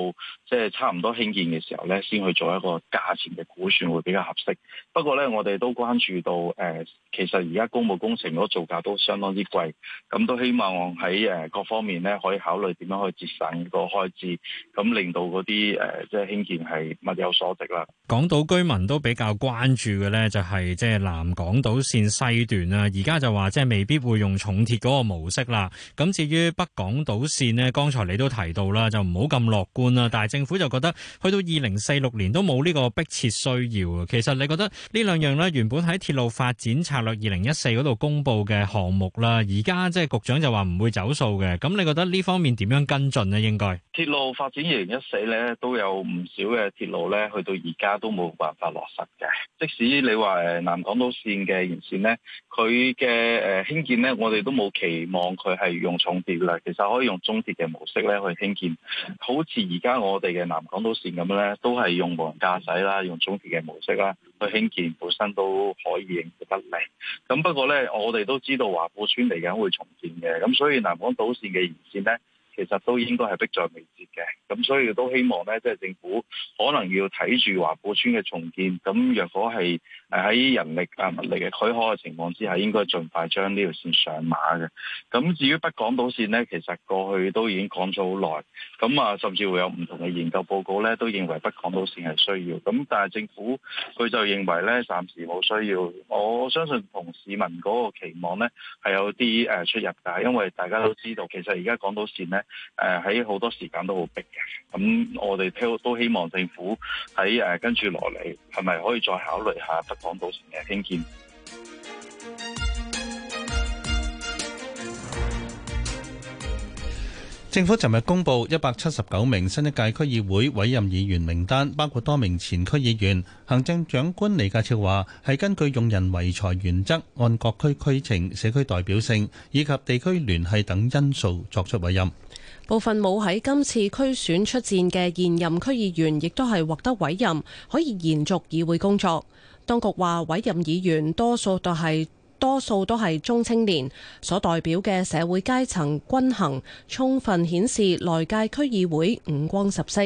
即係、就是、差唔多興建嘅時候咧，先去做一個價錢嘅估算會比較合適。不過咧，我哋都關注到誒、呃，其實而家公務工程嗰個造價都相當之貴，咁都希望喺誒各方面咧，可以考慮點樣去節省個開支，咁令到嗰啲誒即係興建係物有所值啦。港島居民都比較關注嘅咧，就係即係南港島線西段啊，而家就話即係未必會用重鐵嗰個模式啦。咁至於北港島線呢，剛才你都提到啦，就唔好咁樂觀啦。但係政府就覺得去到二零四六年都冇呢個迫切需要啊。其實你覺得呢兩樣咧原？本喺鐵路發展策略二零一四嗰度公布嘅項目啦，而家即係局長就話唔會走數嘅。咁你覺得呢方面點樣跟進呢？應該鐵路發展二零一四咧都有唔少嘅鐵路咧，去到而家都冇辦法落實嘅。即使你話誒、呃、南港島綫嘅完善咧，佢嘅誒興建咧，我哋都冇期望佢係用重鐵啦，其實可以用中鐵嘅模式咧去興建。好似而家我哋嘅南港島綫咁咧，都係用無人駕駛啦，用中鐵嘅模式啦。佢興建本身都可以應付得嚟。咁不過呢，我哋都知道華富村嚟緊會重建嘅，咁所以南港島線嘅延線呢，其實都應該係迫在眉睫嘅，咁所以都希望呢，即係政府可能要睇住華富村嘅重建，咁若果係。喺人力啊物力嘅許可嘅情況之下，應該盡快將呢條線上馬嘅。咁至於北港島線呢，其實過去都已經講咗好耐，咁啊，甚至會有唔同嘅研究報告呢，都認為北港島線係需要。咁但係政府佢就認為呢，暫時冇需要。我相信同市民嗰個期望呢，係有啲誒、呃、出入㗎，因為大家都知道，其實而家港島線呢，誒喺好多時間都好逼嘅。咁我哋都希望政府喺誒、呃、跟住落嚟，係咪可以再考慮下北港島嘅傾見。政府尋日公布一百七十九名新一屆區議會委任議員名單，包括多名前區議員。行政長官李家超話，係根據用人唯才原則，按各區區情、社區代表性以及地區聯繫等因素作出委任。部分冇喺今次區選出戰嘅現任區議員，亦都係獲得委任，可以延續議會工作。當局話委任議員多數都係多數都係中青年，所代表嘅社會階層均衡，充分顯示來屆區議會五光十色。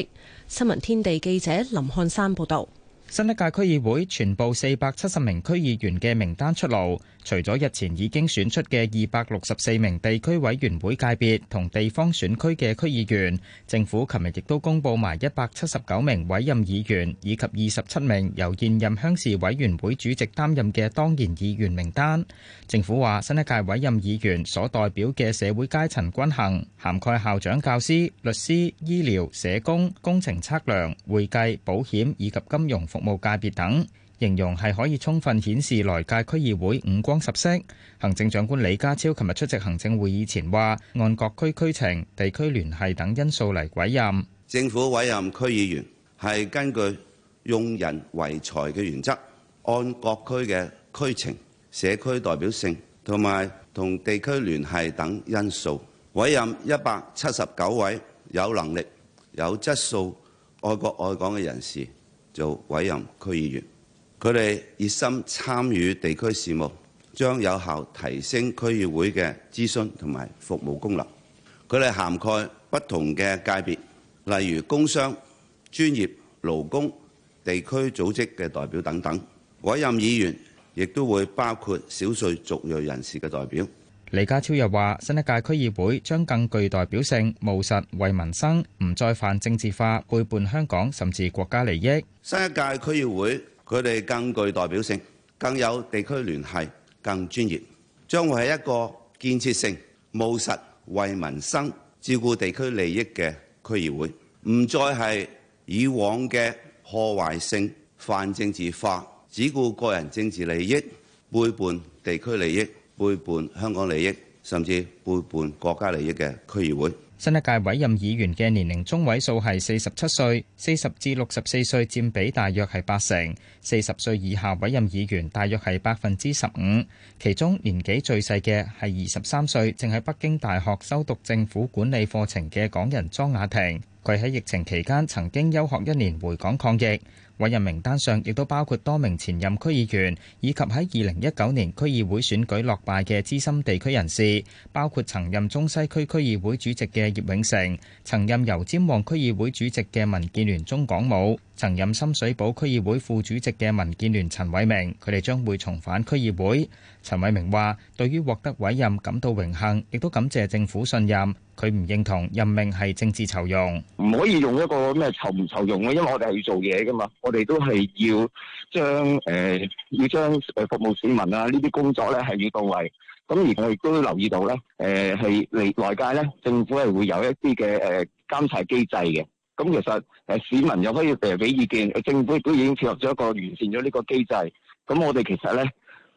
新聞天地記者林漢山報道，新一屆區議會全部四百七十名區議員嘅名單出爐。除咗日前已經選出嘅二百六十四名地區委員會界別同地方選區嘅區議員，政府琴日亦都公布埋一百七十九名委任議員以及二十七名由現任鄉事委員會主席擔任嘅當然議員名單。政府話，新一屆委任議員所代表嘅社會階層均衡，涵蓋校長、教師、律師、醫療、社工、工程測量、會計、保險以及金融服務界別等。形容係可以充分顯示來屆區議會五光十色。行政長官李家超琴日出席行政會議前話，按各區區情、地區聯繫等因素嚟委任。政府委任區議員係根據用人唯才嘅原則，按各區嘅區情、社區代表性同埋同地區聯繫等因素委任一百七十九位有能力、有質素、愛國愛港嘅人士做委任區議員。佢哋熱心參與地區事務，將有效提升區議會嘅諮詢同埋服務功能。佢哋涵蓋不同嘅界別，例如工商、專業、勞工、地區組織嘅代表等等。委任議員亦都會包括少數族裔人士嘅代表。李家超又話，新一屆區議會將更具代表性、務實、為民生，唔再犯政治化、背叛香港，甚至國家利益。新一屆區議會。佢哋更具代表性，更有地區聯繫，更專業，將會係一個建設性、務實為民生、照顧地區利益嘅區議會，唔再係以往嘅破壞性、泛政治化，只顧個人政治利益、背叛地區利益、背叛香港利益，甚至背叛國家利益嘅區議會。新一屆委任議員嘅年齡中位數係四十七歲，四十至六十四歲佔比大約係八成，四十歲以下委任議員大約係百分之十五。其中年紀最細嘅係二十三歲，正喺北京大學修讀政府管理課程嘅港人莊雅婷，佢喺疫情期間曾經休學一年回港抗疫。委任名單上亦都包括多名前任區議員，以及喺二零一九年區議會選舉落敗嘅資深地區人士，包括曾任中西區區議會主席嘅葉永成，曾任油尖旺區議會主席嘅民建聯鍾港武，曾任深水埗區議會副主席嘅民建聯陳偉明，佢哋將會重返區議會。陳偉明話，對於獲得委任感到榮幸，亦都感謝政府信任。佢唔認同任命係政治酬庸，唔可以用一個咩酬唔酬庸咯，因為我哋係要做嘢㗎嘛，我哋都係要將誒、呃、要將誒服務市民啊呢啲工作咧係要到位。咁而我亦都留意到咧，誒係嚟內界咧，政府係會有一啲嘅誒監察機制嘅。咁其實誒市民又可以誒俾意見，政府亦都已經設立咗一個完善咗呢個機制。咁我哋其實咧。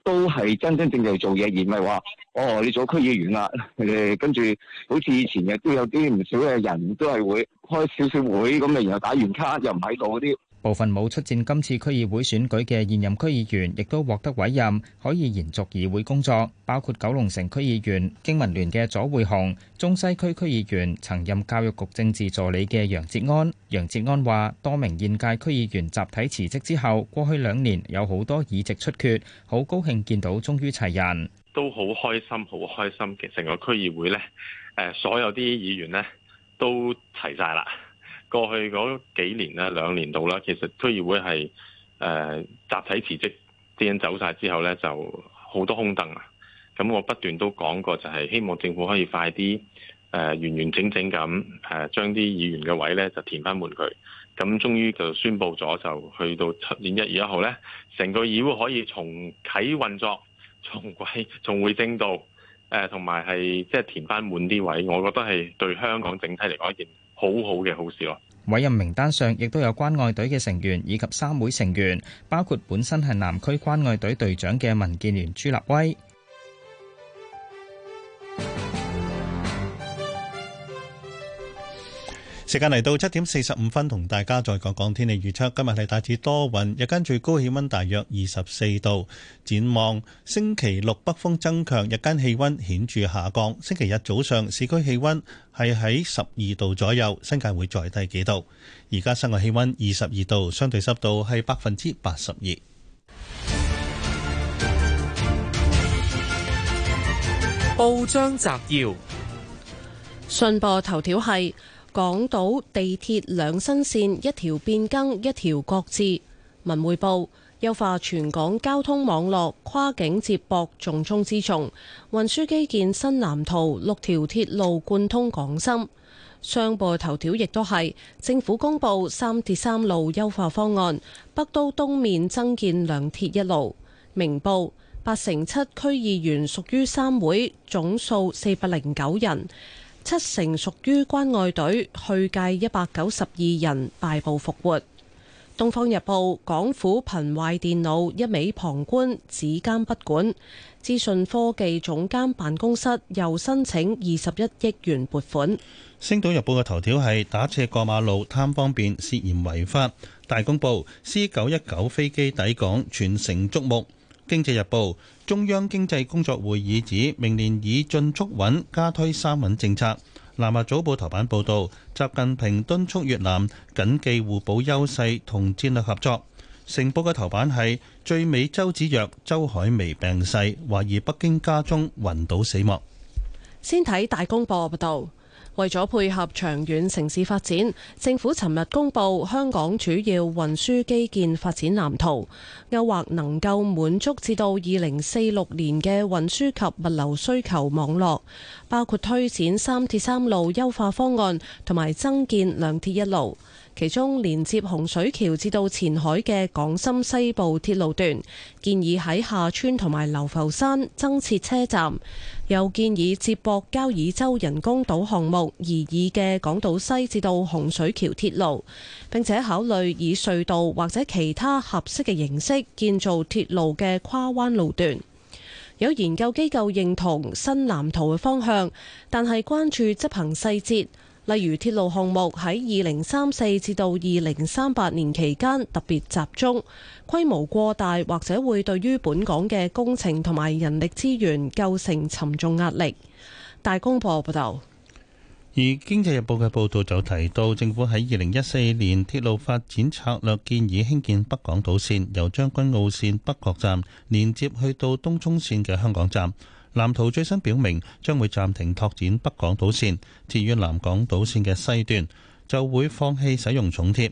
都係真真正正做嘢，而唔係話哦，你做區議員啦，誒、嗯，跟住好似以前亦都有啲唔少嘅人都係會開少少會咁，然後打完卡又唔喺度嗰啲。部分冇出戰今次區議會選舉嘅現任區議員亦都獲得委任，可以延續議會工作，包括九龍城區議員經民聯嘅左會紅，中西區區議員曾任教育局政治助理嘅楊哲安。楊哲安話，多名現屆區議員集體辭職之後，過去兩年有好多議席出缺，好高興見到終於齊人，都好開心，好開心嘅成個區議會咧，誒所有啲議員咧都齊晒啦。過去嗰幾年咧、兩年度啦，其實推議會係誒、呃、集體辭職啲人走晒之後呢，就好多空凳啊。咁我不斷都講過，就係希望政府可以快啲誒完完整整咁誒將啲議員嘅位呢就填翻滿佢。咁終於就宣布咗，就去到七年一月一號呢，成個議會可以重啟運作，重歸重回正道。誒、呃，同埋係即係填翻滿啲位，我覺得係對香港整體嚟講一件好好嘅好事咯！委任名單上亦都有關愛隊嘅成員以及三會成員，包括本身係南區關愛隊隊長嘅民建聯朱立威。時間嚟到七點四十五分，同大家再講講天氣預測。今日係大致多雲，日間最高氣温大約二十四度。展望星期六北風增強，日間氣温顯著下降。星期日早上市區氣温係喺十二度左右，新界會再低幾度。而家室外氣温二十二度，相對濕度係百分之八十二。報章摘要：信報頭條係。港島地鐵兩新線，一條變更，一條擱置。文匯報，優化全港交通網絡，跨境接駁重中之重，運輸基建新藍圖，六條鐵路貫通港深。商報頭條亦都係政府公布三鐵三路優化方案，北都東面增建兩鐵一路。明報，八成七區議員屬於三會，總數四百零九人。七成屬於關愛隊，去屆一百九十二人敗部復活。《東方日報》港府頻壞電腦，一味旁觀只監不管。資訊科技總監辦公室又申請二十一億元撥款。《星島日報》嘅頭條係打車過馬路貪方便涉嫌違法。大公報 C 九一九飛機抵港，全城矚目。經濟日報：中央經濟工作會議指，明年以進促穩加推三穩政策。南華早報頭版報道：習近平敦促越南謹記互補優勢同戰略合作。成報嘅頭版係最美周芷若，周海媚病逝，懷疑北京家中暈倒死亡。先睇大公報報道。為咗配合長遠城市發展，政府尋日公布香港主要運輸基建發展藍圖，勾畫能夠滿足至到二零四六年嘅運輸及物流需求網絡，包括推展三鐵三路優化方案，同埋增建兩鐵一路。其中連接洪水橋至到前海嘅港深西部鐵路段，建議喺廈村同埋流浮山增設車站；又建議接駁交椅洲人工島項目而二嘅港島西至到洪水橋鐵路，並且考慮以隧道或者其他合適嘅形式建造鐵路嘅跨灣路段。有研究機構認同新藍圖嘅方向，但係關注執行細節。例如鐵路項目喺二零三四至到二零三八年期間特別集中，規模過大或者會對於本港嘅工程同埋人力資源構成沉重壓力。大公報報道而。而經濟日報嘅報導就提到，政府喺二零一四年鐵路發展策略建議興建北港島線，由將軍澳線北角站連接去到東涌線嘅香港站。藍圖最新表明，將會暫停拓展北港島線，至於南港島線嘅西段，就會放棄使用重鐵。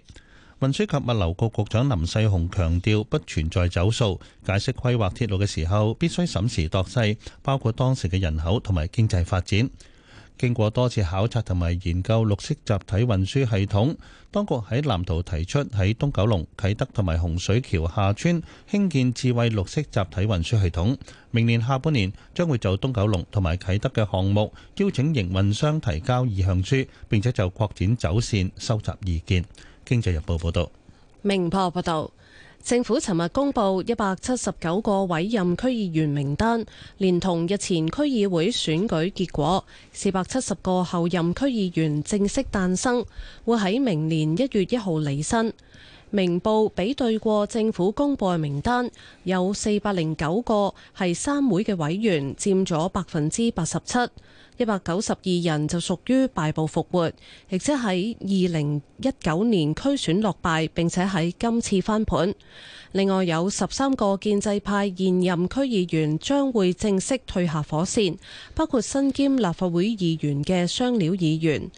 運輸及物流局局長林世雄強調，不存在走數，解釋規劃鐵路嘅時候必須審時度勢，包括當時嘅人口同埋經濟發展。經過多次考察同埋研究綠色集體運輸系統，當局喺藍圖提出喺東九龍啟德同埋洪水橋下村興建智慧綠色集體運輸系統。明年下半年將會就東九龍同埋啟德嘅項目邀請營運商提交意向書，並且就擴展走線收集意見。經濟日報報道，明報報道。政府尋日公布一百七十九個委任區議員名單，連同日前區議會選舉結果，四百七十個候任區議員正式誕生，會喺明年一月一號履新。明報比對過政府公佈嘅名單，有四百零九個係三會嘅委員，佔咗百分之八十七。一百九十二人就屬於敗部復活，亦即喺二零一九年區選落敗，並且喺今次翻盤。另外有十三個建制派現任區議員將會正式退下火線，包括身兼立法會議員嘅雙料議員。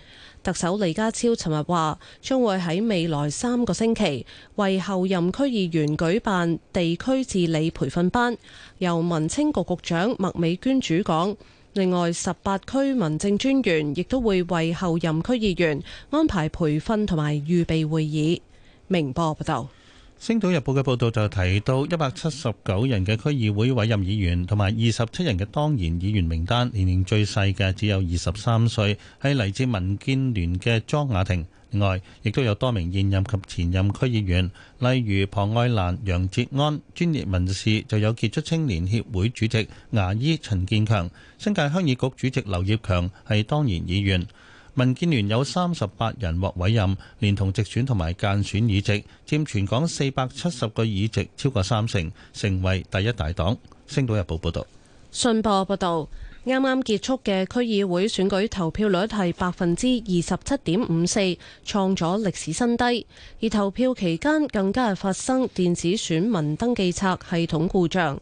特首李家超尋日話，將會喺未來三個星期為候任區議員舉辦地區治理培訓班，由民青局局長麥美娟主講。另外，十八區民政專員亦都會為候任區議員安排培訓同埋預備會議。明報報道，《星島日報》嘅報導就提到，一百七十九人嘅區議會委任議員同埋二十七人嘅當然議員名單，年齡最細嘅只有二十三歲，係嚟自民建聯嘅莊雅婷。另外，亦都有多名現任及前任區議員，例如龐愛蘭、楊哲安；專業民事就有傑出青年協會主席牙醫陳建強，新界鄉議局主席劉業強係當然議員。民建聯有三十八人獲委任，連同直選同埋間選議席，佔全港四百七十個議席超過三成，成為第一大黨。星島日報報道。信報報導。啱啱結束嘅區議會選舉投票率係百分之二十七點五四，創咗歷史新低。而投票期間更加係發生電子選民登記冊系統故障。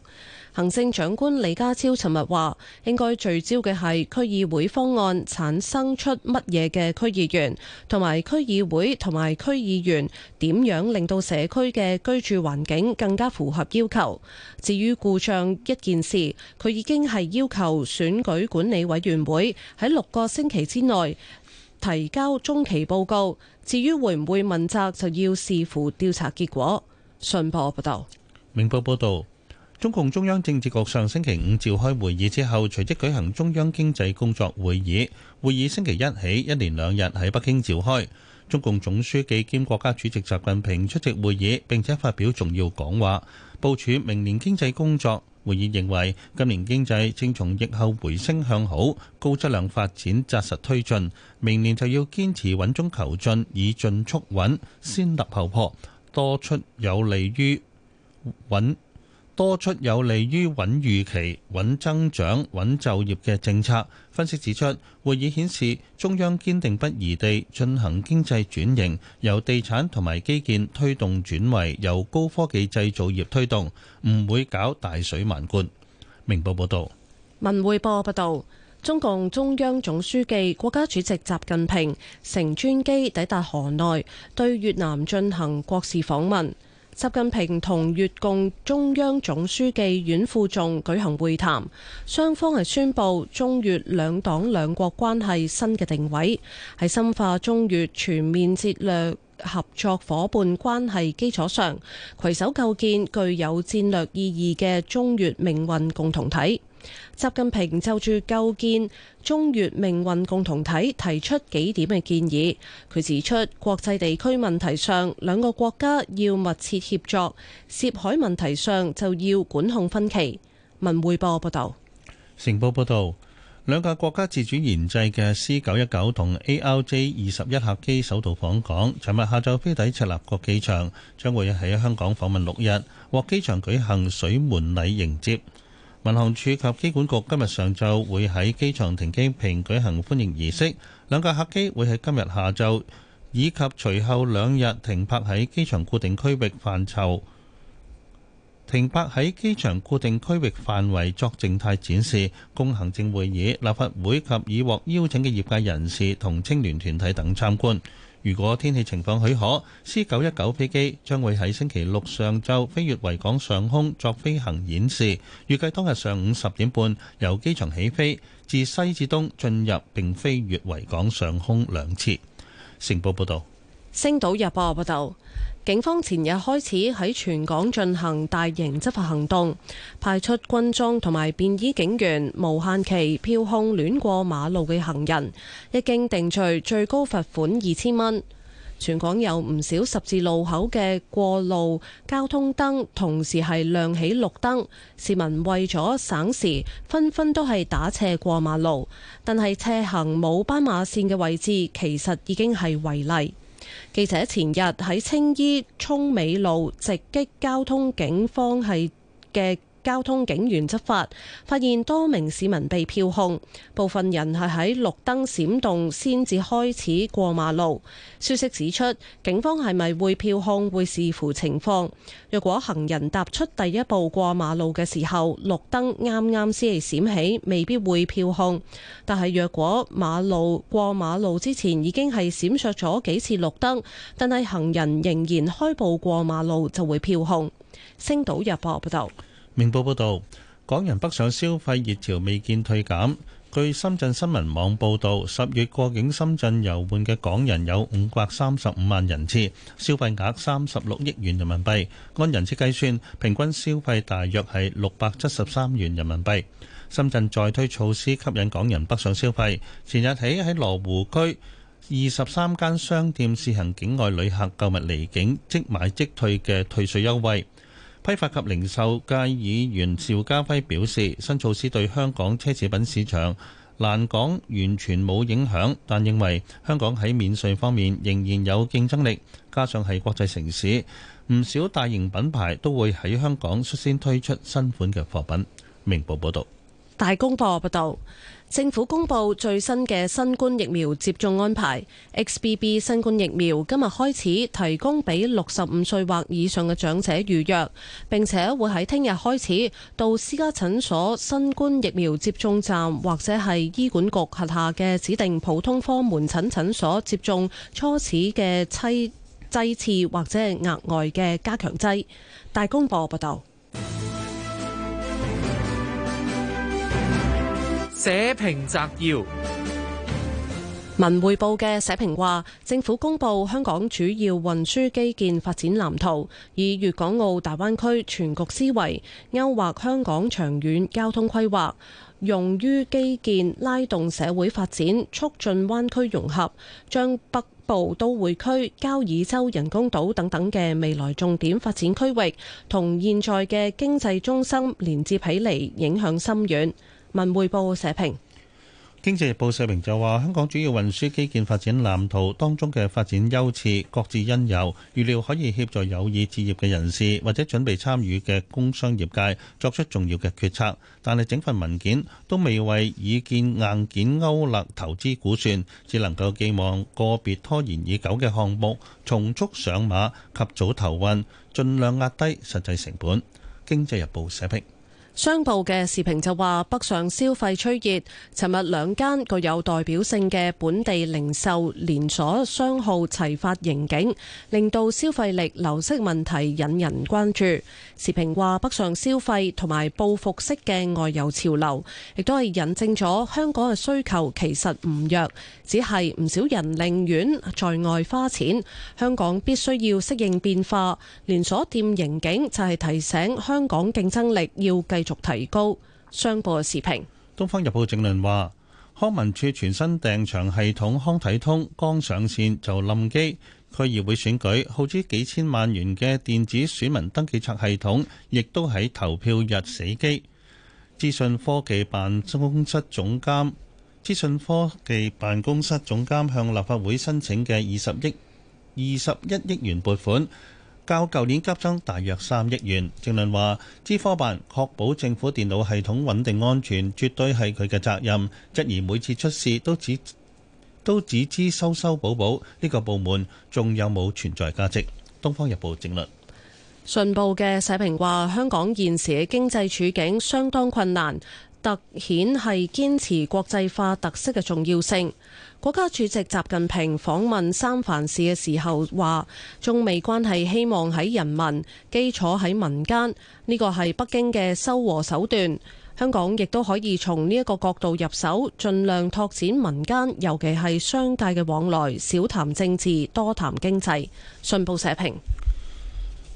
行政長官李家超尋日話，應該聚焦嘅係區議會方案產生出乜嘢嘅區議員，同埋區議會同埋區議員點樣令到社區嘅居住環境更加符合要求。至於故障一件事，佢已經係要求選舉管理委員會喺六個星期之內提交中期報告。至於會唔會問責，就要視乎調查結果。信報報道，明報報道。中共中央政治局上星期五召開會議之後隨即舉行中央經濟工作會議。會議星期一起一連兩日喺北京召開，中共總書記兼國家主席習近平出席會議並且發表重要講話，部署明年經濟工作。會議認為今年經濟正從疫後回升向好，高質量發展紮實推進明年就要堅持穩中求進，以進促穩，先立後破，多出有利於穩。多出有利於穩預期、穩增長、穩就業嘅政策。分析指出，會議顯示中央堅定不移地進行經濟轉型，由地產同埋基建推動轉為由高科技製造業推動，唔會搞大水漫灌。明報報道，文匯報報道，中共中央總書記、國家主席習近平乘專機抵達河內，對越南進行國事訪問。習近平同越共中央總書記阮富仲舉行會談，雙方係宣布中越兩黨兩國關係新嘅定位，喺深化中越全面戰略合作夥伴關係基礎上，携手構建具有戰略意義嘅中越命運共同體。習近平就住構建中越命運共同體提出幾點嘅建議。佢指出，國際地區問題上兩個國家要密切協作，涉海問題上就要管控分歧。文匯報報道：「成報報道，兩架國家自主研製嘅 C 九一九同 ARJ 二十一客機首度訪港。尋日下晝飛抵赤鱲角機場，將會喺香港訪問六日，獲機場舉行水門禮迎接。民航處及機管局今日上晝會喺機場停機坪舉行歡迎儀式，兩架客機會喺今日下晝以及隨後兩日停泊喺機場固定區域範疇，停泊喺機場固定區域範圍作靜態展示，供行政會議、立法會及已獲邀請嘅業界人士同青聯團體等參觀。如果天氣情況許可，C 九一九飛機將會喺星期六上晝飛越維港上空作飛行演示。預計當日上午十點半由機場起飛，自西至東進入並飛越維港上空兩次。成報報導，星島日報報道。警方前日開始喺全港進行大型執法行動，派出軍裝同埋便衣警員，無限期票控亂過馬路嘅行人，一經定罪，最高罰款二千蚊。全港有唔少十字路口嘅過路交通燈，同時係亮起綠燈，市民為咗省時，紛紛都係打斜過馬路。但係斜行冇斑馬線嘅位置，其實已經係違例。記者前日喺青衣涌美路直擊交通警方係嘅。交通警員執法，發現多名市民被票控，部分人係喺綠燈閃動先至開始過馬路。消息指出，警方係咪會票控會視乎情況。若果行人踏出第一步過馬路嘅時候，綠燈啱啱先嚟閃起，未必會票控。但係若果馬路過馬路之前已經係閃爍咗幾次綠燈，但係行人仍然開步過馬路，就會票控。星島日報報道。明報報導，港人北上消費熱潮未見退減。據深圳新聞網報導，十月過境深圳遊玩嘅港人有五百三十五萬人次，消費額三十六億元人民幣。按人次計算，平均消費大約係六百七十三元人民幣。深圳再推措施吸引港人北上消費，前日起喺羅湖區二十三間商店試行境外旅客購物離境即買即退嘅退稅優惠。批發及零售界議員邵家輝表示，新措施對香港奢侈品市場難講完全冇影響，但認為香港喺免稅方面仍然有競爭力，加上係國際城市，唔少大型品牌都會喺香港率先推出新款嘅貨品。明報報道，大公報報道。政府公布最新嘅新冠疫苗接種安排，XBB 新冠疫苗今日開始提供俾六十五歲或以上嘅長者預約，並且會喺聽日開始到私家診所新冠疫苗接種站，或者係醫管局轄下嘅指定普通科門診診所接種初始嘅妻劑次，或者係額外嘅加強劑。大公報報道。社評摘要，《文匯報》嘅社評話，政府公布香港主要運輸基建發展藍圖，以粵港澳大灣區全局思維，勾畫香港長遠交通規劃，用於基建拉動社會發展，促進灣區融合，將北部都會區、交椅洲人工島等等嘅未來重點發展區域同現在嘅經濟中心連接起嚟，影響深遠。文匯報社評，《經濟日報》社評就話：香港主要運輸基建發展藍圖當中嘅發展優次，各自因由，預料可以協助有意置業嘅人士或者準備參與嘅工商業界作出重要嘅決策。但係整份文件都未為已建硬件勾勒投資估算，只能夠寄望個別拖延已久嘅項目重速上馬及早投運，盡量壓低實際成本。《經濟日報》社評。商報嘅時評就話：北上消費趨熱，尋日兩間具有代表性嘅本地零售連鎖商號齊發盈警，令到消費力流失問題引人關注。時評話：北上消費同埋報復式嘅外遊潮流，亦都係引證咗香港嘅需求其實唔弱，只係唔少人寧願在外花錢。香港必須要適應變化，連鎖店盈警就係提醒香港競爭力要繼續。續提高相時評。商報視評：東方日報正論話，康文署全新訂場系統康體通剛上線就冧機；區議會選舉耗資幾千萬元嘅電子選民登記冊系統，亦都喺投票日死機。資訊科技辦公室總監，資訊科技辦公室總監向立法會申請嘅二十億、二十一億元撥款。較舊年急增大約三億元。正論話：資科辦確保政府電腦系統穩定安全，絕對係佢嘅責任。質疑每次出事都只都只知修修補補，呢、這個部門仲有冇存在價值？東方日報正論。信報嘅社評話：香港現時嘅經濟處境相當困難。凸顯係堅持國際化特色嘅重要性。國家主席習近平訪問三藩市嘅時候話，中美關係希望喺人民、基礎喺民間，呢個係北京嘅修和手段。香港亦都可以從呢一個角度入手，盡量拓展民間，尤其係商界嘅往來，少談政治，多談經濟。信報社評。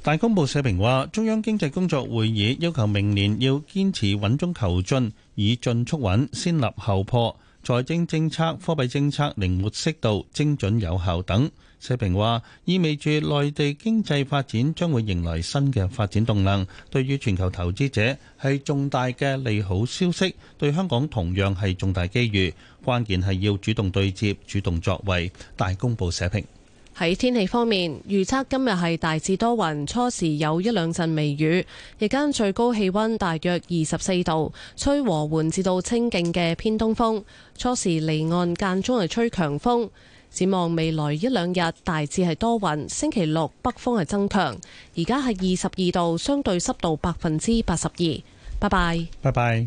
大公報社評話，中央經濟工作會議要求明年要堅持穩中求進，以進促穩，先立後破，財政政策、貨幣政策靈活適度、精準有效等。社評話，意味住內地經濟發展將會迎來新嘅發展動能，對於全球投資者係重大嘅利好消息，對香港同樣係重大機遇。關鍵係要主動對接、主動作為。大公報社評。喺天氣方面，預測今日係大致多雲，初時有一兩陣微雨，日間最高氣溫大約二十四度，吹和緩至到清勁嘅偏東風，初時離岸間中係吹強風。展望未來一兩日大致係多雲，星期六北風係增強，而家係二十二度，相對濕度百分之八十二。拜拜，拜拜。